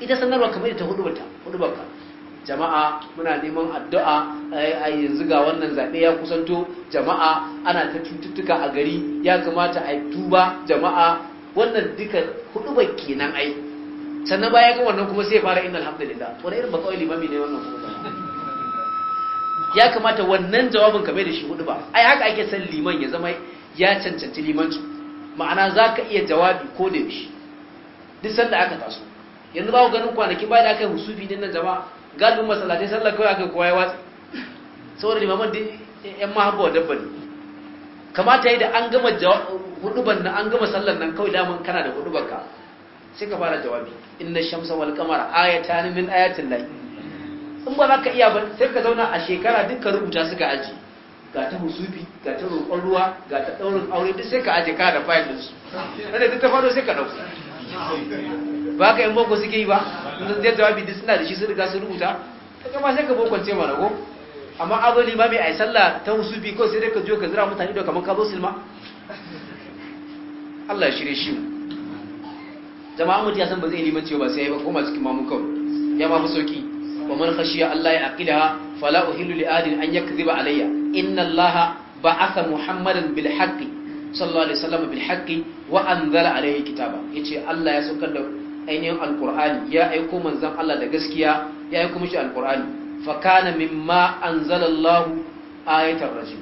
ita sanarwa kamar ita hudu ba ta hudu ba ka jama'a muna neman addu'a a yanzu ga wannan zaɓe ya kusanto jama'a ana ta cututtuka a gari ya kamata a tuba jama'a wannan duka hudu ba kenan ai sannan baya ga wannan kuma sai fara inna alhamdulillah wani irin ba kawai limami ne wannan kuma ya kamata wannan jawabin ka da shi hudu ba ai haka ake san liman ya zama ya cancanci limanci ma'ana za ka iya jawabi ko da yaushe duk sanda aka taso yanzu ba ku ganin kwanaki ba da aka yi husufi din nan jama'a gadin masallatai sallar kawai aka kowa ya watsi saboda limaman din yan mahabba wa dabba ne kamata yi da an gama huduban na an gama sallar nan kawai daman kana da hudubar ka sai ka fara jawabi inna shamsa wal ayata ni min ayatin lai in ba za ka iya ba sai ka zauna a shekara dukkan rubuta suka aji ga ta husufi ga ta roƙon ruwa ga ta ɗaurin aure duk sai ka aje ka da fayil ɗinsu wanda duk ta faɗo sai ka ɗauka ba ka yan boko suke yi ba sun zai jawabi duk suna da shi sun riga sun rubuta ta kama sai ka bokon ce mana ko amma abu limami a yi sallah ta husufi ko sai dai ka zo ka zira mutane da kamar kabo silma Allah ya shirye shi mu jama'a mutu ya san ba zai liman cewa ba sai ya yi ba koma cikin mamun ya ma fi sauki wa man khashiya Allah ya aqidaha fala uhillu li adin an yakdhiba alayya inna Allah ba'atha Muhammadan bil haqqi sallallahu alaihi wasallam bil haqqi wa anzala alayhi kitaba yace Allah ya saukar da ainihin alkur'ani ya aiko manzan Allah da gaskiya ya aiko mishi alkur'ani fa kana mimma anzalallahu ayatar rajim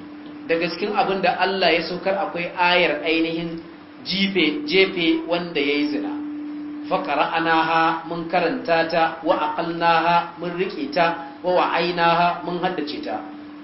da gaskin abin da Allah ya saukar akwai ayar ainihin jefe jefe wanda yayi zina fa qara'anaha mun karanta ta wa aqalnaha mun rike ta wa wa'ainaha mun haddace ta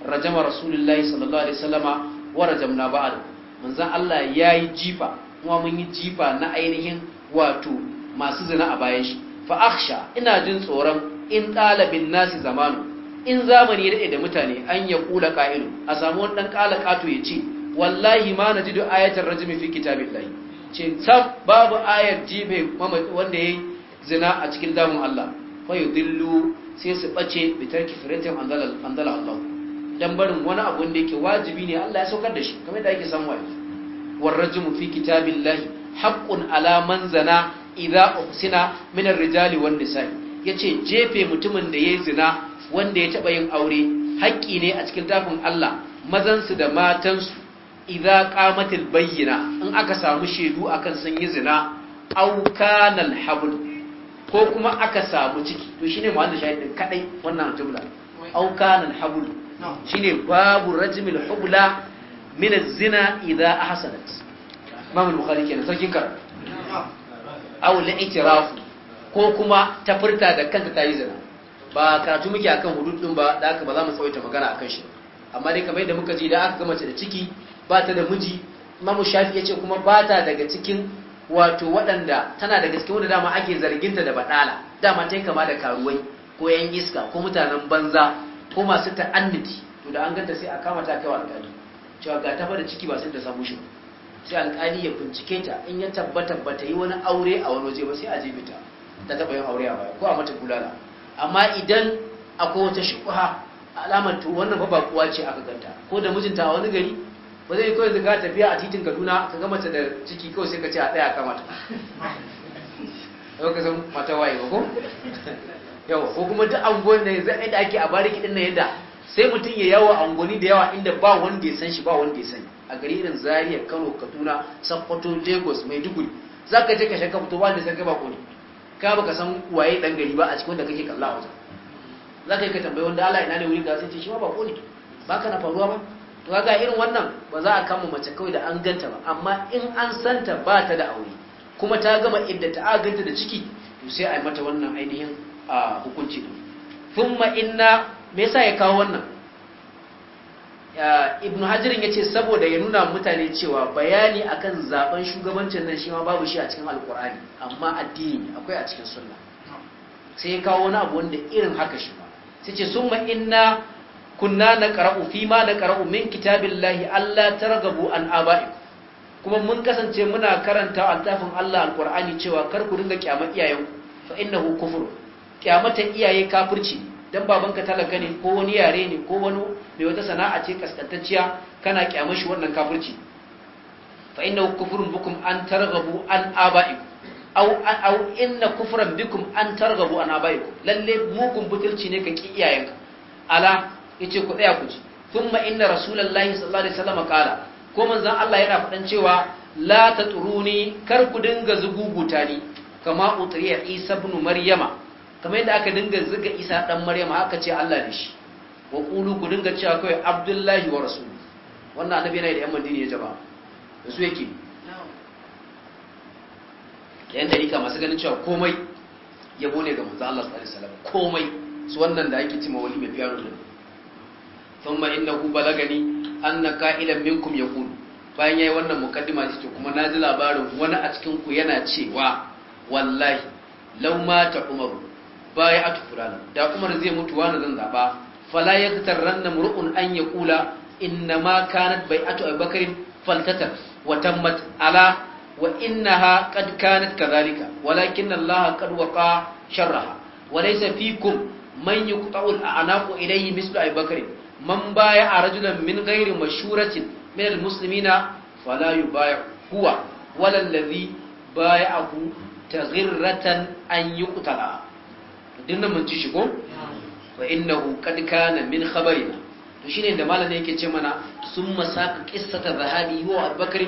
rajama rasulullahi sallallahu alaihi wasallama wa rajamna ba'd manzan Allah yayi jifa kuma mun yi jifa na ainihin wato masu zina a bayan shi fa akhsha ina jin tsoron in ɗalibin nasi zamanu in zamani ya daɗe da mutane an ya ƙula ƙa'ilu a samu wani ɗan ƙala ƙato ya ce wallahi ma na ji da fi kitabin ce sam babu ayar jibe wanda yayi zina a cikin damun Allah fayu dillu sai su ɓace bitar kifiratin andala Allah don barin wani abu da yake wajibi ne Allah ya saukar da shi kamar da ake samu wa yanzu warrajimu fi kitabin layi haƙƙun alaman zana idza uqsina min ar-rijali wan nisa' yace jefe mutumin da yayi zina wanda ya taba yin aure haƙƙi ne a cikin tafin Allah mazan su da matan su idza qamatil bayyina in aka samu shedu akan sun yi zina aw kana al-habl ko kuma aka samu ciki to shine muhammad shahidin kadai wannan jumla aw kana al-habl shine babu rajmil hubla min az-zina idza ahsanat Imam al-Bukhari kenan sarkin ka aw la itiraf ko kuma ta furta da kanta ta yi zina ba karatu muke akan hudud din ba da aka ba za mu tsawaita magana akan shi amma dai kamar yadda muka ji da aka ga mace da ciki ba ta da miji Imam Shafi yace kuma ba ta daga cikin wato waɗanda tana daga cikin wanda dama ake ta da badala dama ta kama da karuwai ko yan iska ko mutanen banza ko masu ta'anniti to da an ganta sai a kama ta kai wa alƙali cewa ga ta fara ciki ba sai ta samu shi ba sai alƙali ya bincike ta in ya tabbata ba ta yi wani aure a wani waje ba sai a jefe ta ta taɓa yin aure a baya ko a mata bulala amma idan akwai wata shubha alamar to wannan ba bakuwa ce aka ganta ko da mijinta a wani gari ba zai kawai zaka tafiya a titin Kaduna ka ga mace da ciki kawai sai ka ce a tsaya ka mata ka san mata waye ba ko yau ko kuma duk anguwan ne zai da ake a bariki kiɗin na yadda sai mutum ya yawa a unguwanni da yawa inda ba wanda ya san shi ba wanda ya sani a gari irin zaria kano kaduna sokoto lagos maiduguri za ka je ka shaka fito wanda sai kai ba kone ka ba ka san waye dan gari ba a cikin wanda kake kalla a wajen za ka yi ka tambayi wanda ala ina ne wurin ga sai ce shi ba kone ba ka na faruwa ba to kaga irin wannan ba za a kama mace kawai da an ganta ba amma in an santa ba ta da aure kuma ta gama idda ta aganta da ciki to sai a yi mata wannan ainihin hukunci ne thumma inna me yasa ya kawo wannan ibnu hajirin ya ce saboda ya nuna mutane cewa bayani akan zaben shugabancin nan shi ma babu shi a cikin alkur'ani amma addini akwai a cikin sunna sai ya kawo wani abu wanda irin haka shi ma sai ce summa inna kunna na ƙara'u fi ma na qara'u min kitabillahi alla targabu an aba'i kuma mun kasance muna karanta altafin Allah alkur'ani cewa kar ku dinga kyamar iyayen fa innahu kufur kyamata iyaye kafirci dan babanka talaka ne ko wani yare ne ko wani mai wata sana'a ce kaskantacciya kana kyamar shi wannan kafirci fa inna kufrun bikum an targhabu an aba'ikum aw aw inna kufran bikum an targhabu an aba'ikum lalle kun butulci ne ka ki iyayenka ala yace ku tsaya ku ci thumma inna rasulullahi sallallahu alaihi wasallam kala ko manzon Allah yana fadan cewa la taturuni kar ku dinga zuguguta ni kama utriya isa ibn maryama kamar yadda aka dinga zuga isa dan maryam aka ce Allah ne shi wa qulu ku dinga cewa kai abdullahi wa rasul wannan annabi yana da yan madini ya jaba da su yake da tarika masu ganin cewa komai yabo ne ga manzo Allah sallallahu alaihi wasallam komai su wannan da ake cewa wali mai fiyaro da thumma innahu balagani anna qa'ilan minkum yaqul bayan yayi wannan mukaddima ce kuma naji labarin wani a cikin ku yana cewa wallahi law mata umaru baya a tufurana da umar zai mutu wani zan zaɓa fala ya fitar ranna ru'un an ya kula inna ma kanat bai atu abubakarin faltatar watan ala wa inna ha kad kanat kazalika walakin allaha kad waka sharraha walaysa fikum man yuqta'u al'anaqu ilayhi mislu abubakarin man baya a rajulan min ghairi mashuratin min almuslimina fala yubayu huwa baya alladhi bay'ahu taghirratan an kutala. dinnan mun ci shi ko fa innahu qad kana min khabarina to shine da malamin yake ce mana summa saka qissata zahabi wa abubakar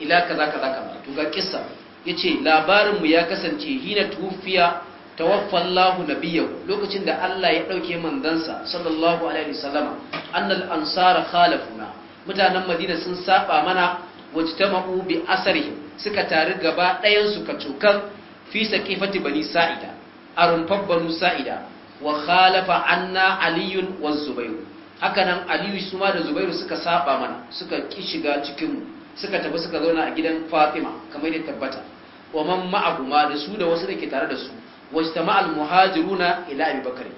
ila kaza kaza kaza to ga kissa yace labarin mu ya kasance hina tufiya tawaffallahu nabiyyu lokacin da Allah ya dauke manzansa sallallahu alaihi wasallama annal ansara khalafuna mutanen madina sun saba mana wajtama'u bi asari suka tare gaba ɗayan su cokar fi saqifati bani sa'ida a rumfar banu sa'ida wa khalafa anna aliyun wa zubairu hakanan aliyu su ma da zubairu suka saba mana suka ƙi shiga cikinmu suka tafi suka zauna a gidan fatima kamar da tabbata wa man ma'ahuma da su da wasu da ke tare da su ta al muhajiruna ila abi bakari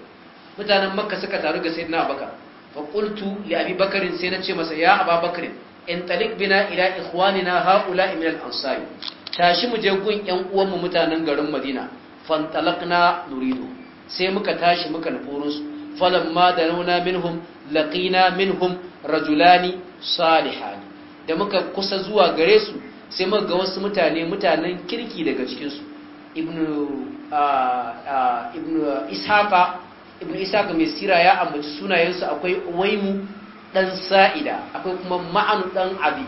mutanen makka suka taru ga sayyidina abubakar fa qultu li abi bakarin sai na ce masa ya Bakarin. in talik bina ila ikhwanina haula Imin al ansari tashi mu je gun yan uwanmu mutanen garin madina fantalakna nurido sai muka tashi muka nufurin su ma da nuna minhum laqina minhum rajulani salihani da muka kusa zuwa gare su sai muka ga wasu mutane mutanen kirki daga cikin su ibnu ibnu mai sira ya ambaci sunayensu akwai waimu ɗan sa'ida akwai kuma ma'anu ɗan abi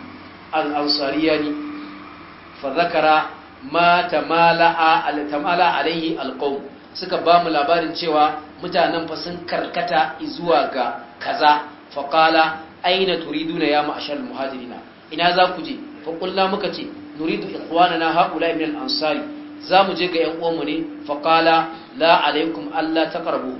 al-ansariyani fa zakara ma tamala'a al-tamala alaihi suka ba mu labarin cewa mutanen fa sun karkata zuwa ga kaza faqala aina turiduna ya ma'ashar muhajirina ina za ku je fa kullu muka ce nuridu ikhwanana haula min al-ansari za mu je ga yan uwanmu ne faqala la alaykum alla taqrabu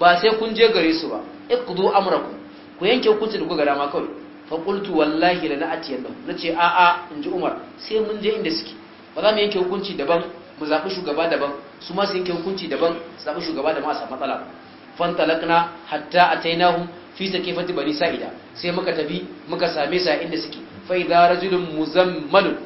ba sai kun je gare su ba iqdu amrakum ku yanke hukuncin da ku gara ma kawai fa qultu wallahi lana atiyallahu nace a a inji umar sai mun je inda suke ba za mu yanke hukunci daban mu zafi shugaba daban su ma su yanke hukunci daban su zaɓi shugaba da masu matsala fantalakna hatta a fisa fi fati bani sa'ida sai muka tafi muka same sa inda suke fai da rajulun muzammalun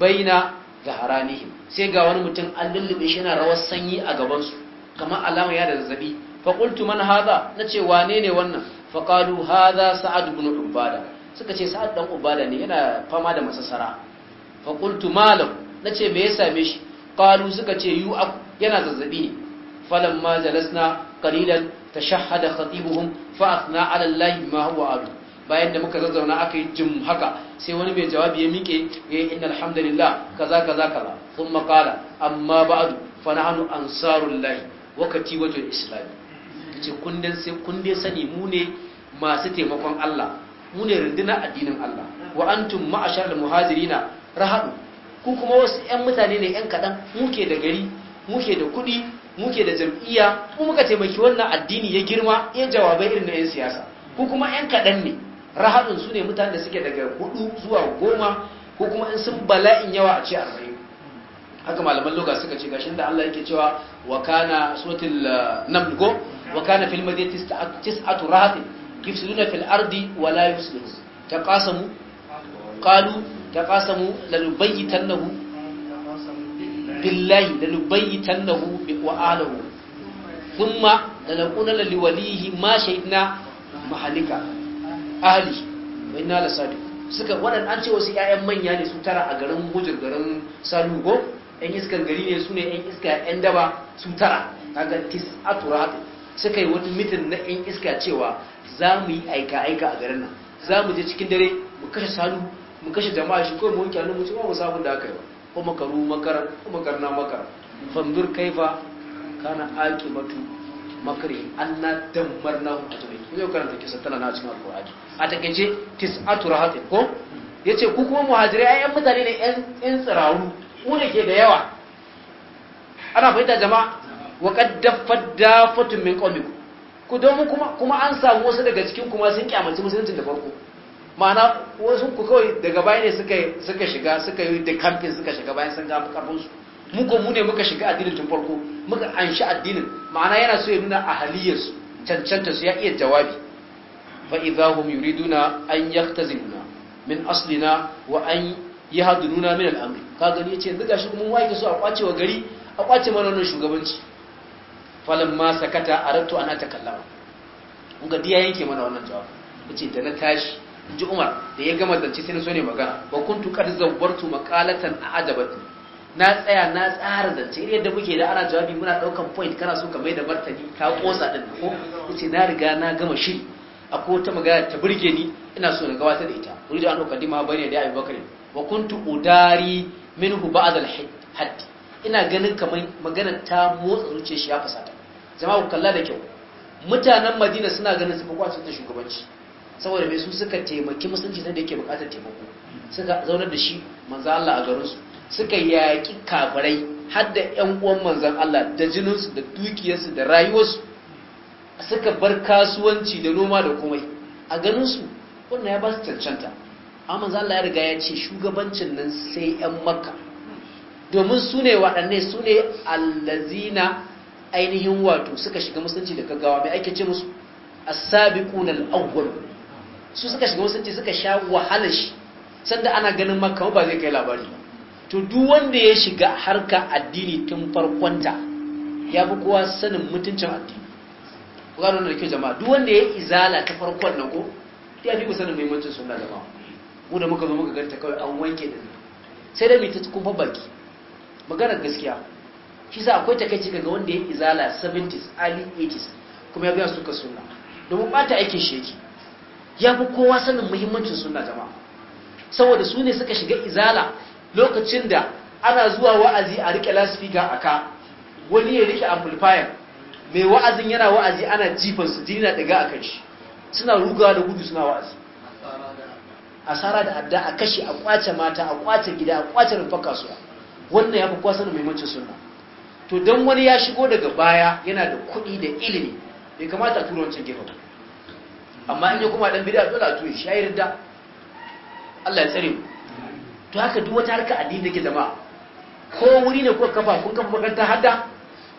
baina zaharanihim sai ga wani mutum an lullube shi yana rawar sanyi a gabansu, kama kamar alama ya da zazzabi fakultu qultu Na na ce wane ne wannan fa haza sa'ad ibn ubada suka ce sa'ad dan ubada ne yana fama da masassara Faƙultu malam na ce me ya same shi ƙalu suka ce yu yana zazzabi ne falon ma jalasna ƙalilan ta shahada khatibuhum na alallahi ma huwa abu bayan da muka zazzauna aka yi jim haka sai wani mai jawabi ya miƙe ya eh, yi inna alhamdulillah kaza kaza kaza sun makala amma ba'adu fa nahnu ansarullahi wa katibatul islami kace kundin sai kundin sani mu ne masu taimakon Allah mu ne rundunar addinin Allah wa antum ma'ashar muhajirina rahadu ku kuma wasu 'yan mutane ne 'yan kaɗan muke da gari muke da kuɗi muke da jam'iyya ku muka taimaki wannan addini ya girma ya jawabai irin na 'yan siyasa ku kuma 'yan kaɗan ne rahadun su ne mutane da suke daga hudu zuwa goma ko kuma in sun bala'in yawa a ce arba'in haka malaman loka suka ce gashin da Allah yake cewa wa kana suratul uh, naml go wa kana fil tis'atu rahatin yufsiduna fil ardi wa la taqasamu قالوا تقاسموا لنبيتنه بالله لنبيتنه wa alahu لنقول لوليه liwalihi شئنا shahidna أهلي ahli لصادق suka wannan an ce wasu ƴaƴan manya ne su tara a garin hujjar garin salugo ƴan iskan gari ne su ne ƴan iska ƴan daba su tara kaga tis'atu rahat suka yi wani mitin na ƴan iska cewa za mu yi aika aika a garin nan za mu je cikin dare mu kashe Salugo mu kashe jama'a shi kawai mu wanke hannun mutum ba sabon da aka yi ba ko makaru makara ko makarna makara fandur kaifa kana aki matu makari an na dammar na hukutumai ko yau karanta kisa tana na cikin alkur'ani a takaice tis'atu rahatin ko ya ce ku kuma muhajirai ai yan mutane ne yan tsirawu. mu ne ke da yawa ana fahimta jama'a wa dafa dafatun min qawmikum ku domin kuma kuma an samu wasu daga cikin kuma sun kyamaci musulunci da farko ma'ana wasu ku kawai daga baya ne suka shiga suka yi da kamfin suka shiga bayan sun gama karfinsu mu ko mu ne muka shiga addinin tun farko muka anshi addinin ma'ana yana so ya nuna ahaliyarsu cancanta su ya iya jawabi fa idahum yuriduna an yaktazibuna min aslina wa an yahdununa min al'amri ka gani yace yanzu gashi mun waye so a kwace wa gari a kwace mana wannan shugabanci falamma sakata aradtu an atakallama kun ga diya yake mana wannan jawabi yace da na tashi ji umar da ya gama zance sai na so ne magana ba kun da zabbartu makalatan a ajabatu na tsaya na tsara zance yadda muke da ana jawabi muna daukan point kana so ka mai da martani ka kosa din ko yace na riga na gama shiri akwai wata magana ta burge ni ina so na gabatar da ita wuri da an dauka dima bane da Abu Bakar wa kuntu udari minhu ba azal haddi. ina ganin kamar magana ta motsa zuciyar shi ya fasata jama'a kalla da kyau mutanen Madina suna ganin su fi ta shugabanci saboda mai su suka taimaki musulunci da yake bukatar taimako suka zaunar da shi manzan Allah a garinsu suka yaƙi kafirai har da ‘yan uwan manzan Allah da jininsu da dukiyarsu da rayuwarsu suka bar kasuwanci da noma da komai a ganinsu wannan ya ba su cancanta amma manzan Allah ya riga ya ce shugabancin nan sai ‘yan makka domin su ne waɗanne su ne allazina ainihin wato suka shiga musulunci da gaggawa mai ake ce musu as-sabiquna al-awwalun su suka shiga wasu ce suka sha wahalar shi sanda ana ganin makamu ba zai kai labari to duk wanda ya shiga harka addini tun farkonta ya fi kowa sanin mutuncin addini ku gano da kyau jama'a duk wanda ya izala ta farkon na ko ya fi kusa sanin muhimmancin suna jama'a mu da muka zo muka ganta kawai an wanke da sai dai ta cikin baki magana gaskiya shi sa akwai takaici ga wanda ya izala 70s early 80s kuma ya biya suka suna domin bata aikin sheki ya fi kowa sanin muhimmancin suna jama'a saboda su ne suka shiga izala lokacin da ana zuwa wa'azi a rike lasifika a ka wani ya rike amplifier mai wa'azin yana wa'azi ana su jini na daga a kan shi suna rugawa da gudu suna wa'azi asara da adda a kashe a kwace mata a kwace gida a kwace rufa kasuwa wannan ya fi kwasa da muhimmancin suna to don wani ya shigo daga baya yana da kuɗi da ilimi bai kamata a turancin gefen. amma in ya kuma dan bid'a dole a tuye shi da Allah ya tsare to haka duk wata harka addini take zama ko wuri ne kuka kafa kun kafa makaranta hadda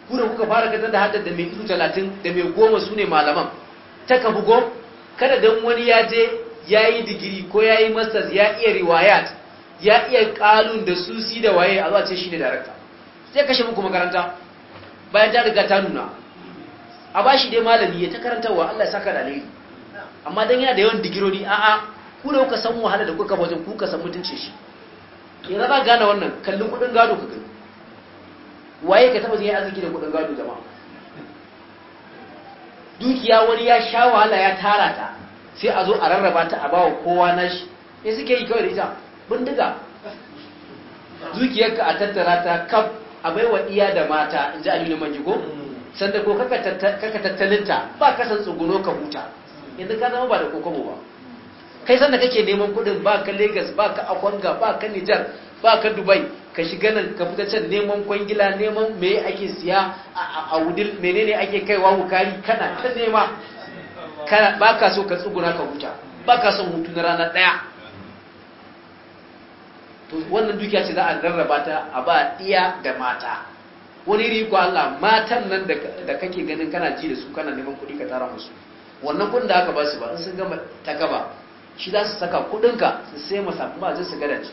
kuna kuka fara gadan da hadda da mai izu 30 da mai goma sune malaman ta ka bugo kada dan wani ya je yayi digiri ko yayi masters ya iya riwayat ya iya kalun da susi da waye a zuwa ce shi ne darakta sai kashe muku makaranta bayan ta riga ta nuna a ba shi dai malami ya ta wa Allah ya saka da alheri amma dan yana da yawan digirori a'a ku da kuka san wahala da kuka wajen kuka san mutunce shi ke za gane wannan kallon kudin gado ka gani waye ka taba yin arziki da kudin gado jama'a dukiya wani ya sha wahala ya tara ta sai a zo a rarraba ta a wa kowa na shi ne suke yi kawai da ita bindiga dukiyarka a tattara ta kaf a baiwa iya da mata in ji aliyu manjigo mm. sanda ko kaka tattalinta ba kasan tsuguno ka huta yanzu ka zama ba da kokobo ba kai sanda kake neman kudin ba ka lagos ba ka akwanga ba ka nijar ba ka dubai ka shiga nan ka fita can neman kwangila neman me ake siya a wudil menene ake kai kaiwa wukari kana ta nema ba ka so ka tsuguna ka huta ba ka son hutu na rana ɗaya to wannan dukiya ce za a rarraba ta a ba iya da mata wani riko Allah matan nan da kake ganin kana ji da su kana neman kuɗi ka tara musu wannan kudin da aka ba su ba in sun gama ta gaba shi za su saka kudinka su sai masa ba zai su ce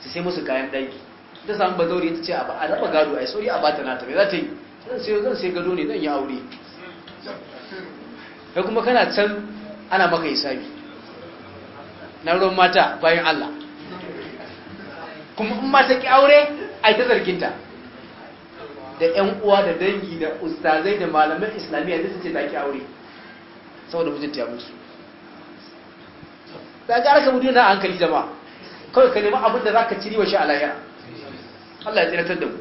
su sai musu kayan daiki ta samu bazauri ta ce a raba gado a yi sauri a bata nata mai za ta yi zan sai gado ne zan yi aure ya kuma kana can ana maka hisabi na ruwan mata bayan Allah kuma in ta ki aure a ta zarginta da 'yan uwa da dangi da ustazai da malaman islamiyya zai su ce ta ki aure saboda mijinta ya mutu da gara ka mutu na hankali jama'a kawai ka nemi abin za ka ciri wa shi a Allah ya tsiratar da mu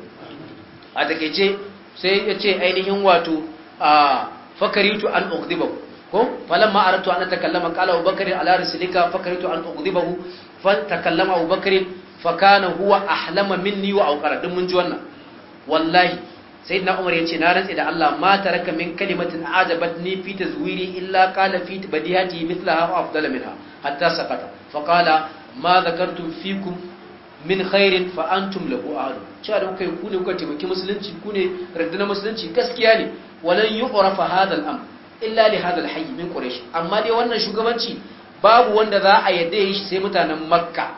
a takaice sai ya ce ainihin wato a fakaritu an uqdibahu ko falamma aratu an takallama qala abubakar ala rasulika fakaritu an fa uqdibahu fatakallama abubakar fakana huwa ahlama minni wa auqara dun mun ji wannan wallahi na umar yace na rantsa da Allah ma taraka min kalimatin ajabat ni fi tazwiri illa qala fi badihati mithlaha wa afdal minha hatta sakata fa qala ma dhakartum fikum min khairin fa antum lahu ahadu cewa da kuka yi ku ne kuka taimaki musulunci ku ne raddana musulunci gaskiya ne walan yuqrafa hadha al-amr illa li hadha al-hayy min quraish amma dai wannan shugabanci babu wanda za a yadda yi sai mutanen makka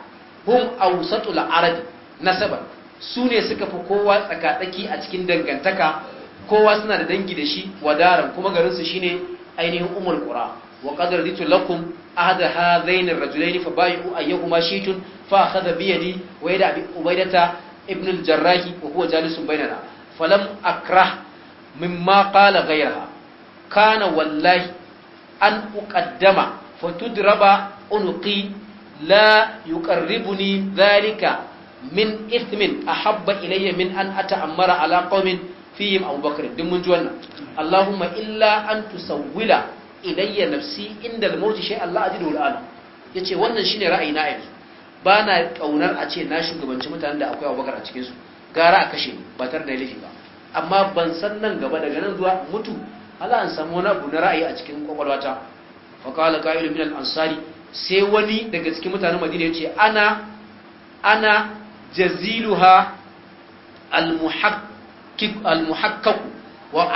hum awsatul arab nasaba su ne suka fi kowa tsakatsaki a cikin dangantaka kowa suna da dangi da shi wadaran kuma garinsu shine ainihin umar qura wa qad raditu lakum ahada hadhain ar-rajulain fa bai'u shi tun fa a akhadha biya yadi wa yada bi ubaidata ta al-jarrah wa jalisun bainana falam akrah ma qala ghayraha kana wallahi an uqaddama fatudraba unuki la yuqarribuni zalika min ithmin ahabba ilayya min an ata'ammara ala qaumin fihim abubakar din mun ji wannan allahumma illa an tusawwila ilayya nafsi inda al-mawt shay Allah ajidu al-ala yace wannan shine ra'ayi na yanzu ba na kaunar a ce na shugabanci mutanen da akwai abubakar a cikin su gara a kashe ba tare da lafi ba amma ban san nan gaba daga nan zuwa mutu Allah an samu wani abu na ra'ayi a cikin kwakwalwata fa qala qa'ilun min al-ansari sai wani daga cikin mutanen Madina yace ana ana jaziluha al-muhakkak wa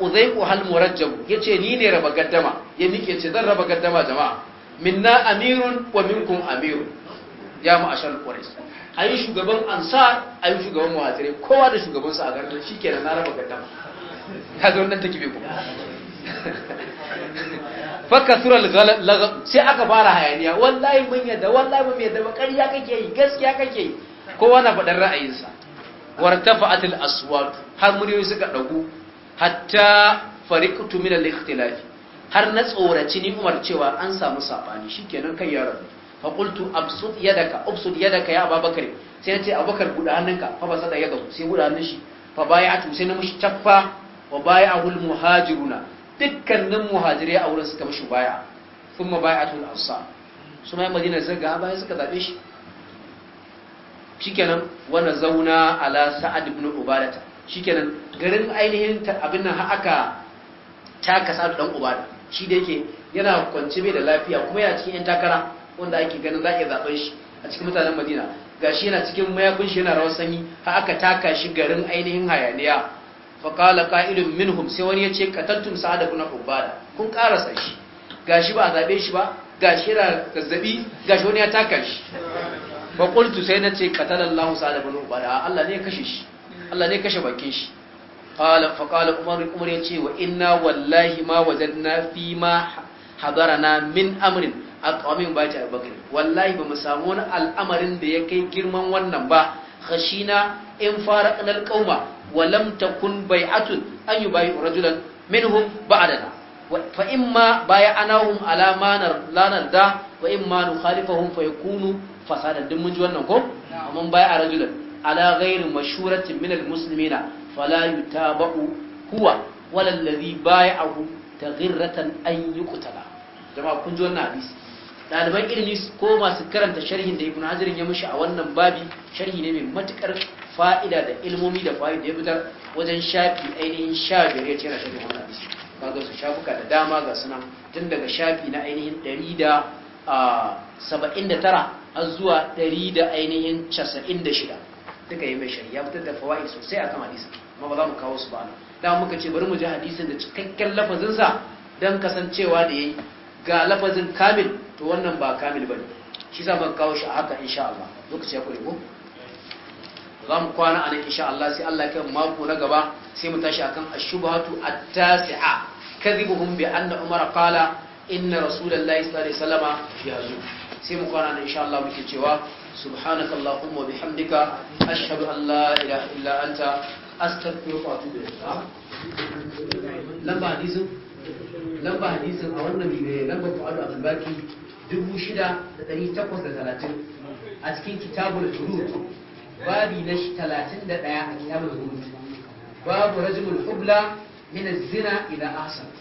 uzaiku halmurajjabu ya ce ni ne raba gaddama ya nike zan raba gaddama jama'a minna amirun wa minkum amirun ya ma'ashar ƙwaris a yi shugaban ansar a yi shugaban muhajirai kowa da shugabansa a garin shi kenan na raba gaddama ta zo nan take beko faka sural lagab sai aka fara hayaniya wallahi mun yadda wallahi mun yadda ba ƙarya kake yi gaskiya kake yi kowa na faɗin ra'ayinsa wartafa'at al-aswat har muryoyi suka dagu hatta fariqtu min al-ikhtilaf har na tsoraci ni umar cewa an samu saɓani, shikenan kai ya rabu fa qultu absud yadaka absud yadaka ya ababakar sai na ce abubakar guda hannunka fa ba sada ya gasu sai guda hannun shi fa bai'atu sai na mushi taffa wa baya a al-muhajiruna dukkanin muhajirai a wurin suka baya, mushi bai'a thumma a al-ansar su yi madina suka ga baya suka zaɓe shi shikenan wana zauna ala sa'ad ibn ubadata shikenan garin ainihin abin nan aka taka sa'ad dan ubada shi da yake yana kwance bai da lafiya kuma yana cikin yan takara wanda ake ganin za a zaben shi a cikin mutanen madina gashi yana cikin mayakun shi yana rawar sanyi har aka taka shi garin ainihin hayaniya fa qala qa'ilun minhum sai wani yace katantum sa'ad ibn ubada kun karasa shi gashi ba a zaɓe shi ba gashi yana zazzabi gashi wani ya taka shi fa qultu sai nace qatalallahu sa'ad ibn ubada Allah ne kashe shi Allah ne kashe bakin shi qala umar ya ce wa ina wallahi ma wajen na fi ma hadarana min amrin aqamin baiti abubakar wallahi ba mu samu wani al'amarin da ya kai girman wannan ba khashina in fara faraqna alqauma wa lam takun bai'atun an yubai rajulan min ba'dana fa imma bay'anahum ala ma lanarda wa imma nukhalifahum fa yakunu Fasadar duk mun ji wannan ko mun bai a rajulan ala ghairi mashuratin min almuslimina fala yutaba'u huwa wala alladhi bai'ahu taghirratan an yuqtala jama'a kun ji wannan hadisi ɗaliban ilimi ko masu karanta sharhin da ibn hazirin ya mushi a wannan babi sharhi ne mai matukar fa'ida da ilmomi da fa'ida ya fitar wajen shafi ainihin sha biyar ya ce sharhin wannan hadisi ga su shafuka da dama ga sunan tun daga shafi na ainihin ɗari da 79 har zuwa 100 da ainihin 96 duka yi mai shari ya fitar da fawa'i sosai a kan hadisin amma ba za mu kawo su ba nan da muka ce bari mu ji hadisin da cikakken lafazinsa don kasancewa da ya ga lafazin kamil to wannan ba kamil ba ne shi sa ban kawo shi a haka insha Allah lokaci ya kuri ko za mu kwana a nan insha Allah sai Allah kai mako na gaba sai mu tashi akan ashubhatu at-tasi'a kadhibuhum bi anna umara qala inna rasulullahi sallallahu alaihi wasallama ya zo sai mu kwana nan insha Allah muke cewa subhanaka allahumma wa bihamdika ashhadu an la ilaha illa anta astaghfiruka wa atubu ilayk lamba hadisin lamba hadisin a wannan bidiyo lamba fu'adu abdulbaki 6830 a cikin kitabul hudud babi na 31 a kitabul hudud babu rajulul hubla min az-zina ila ahsan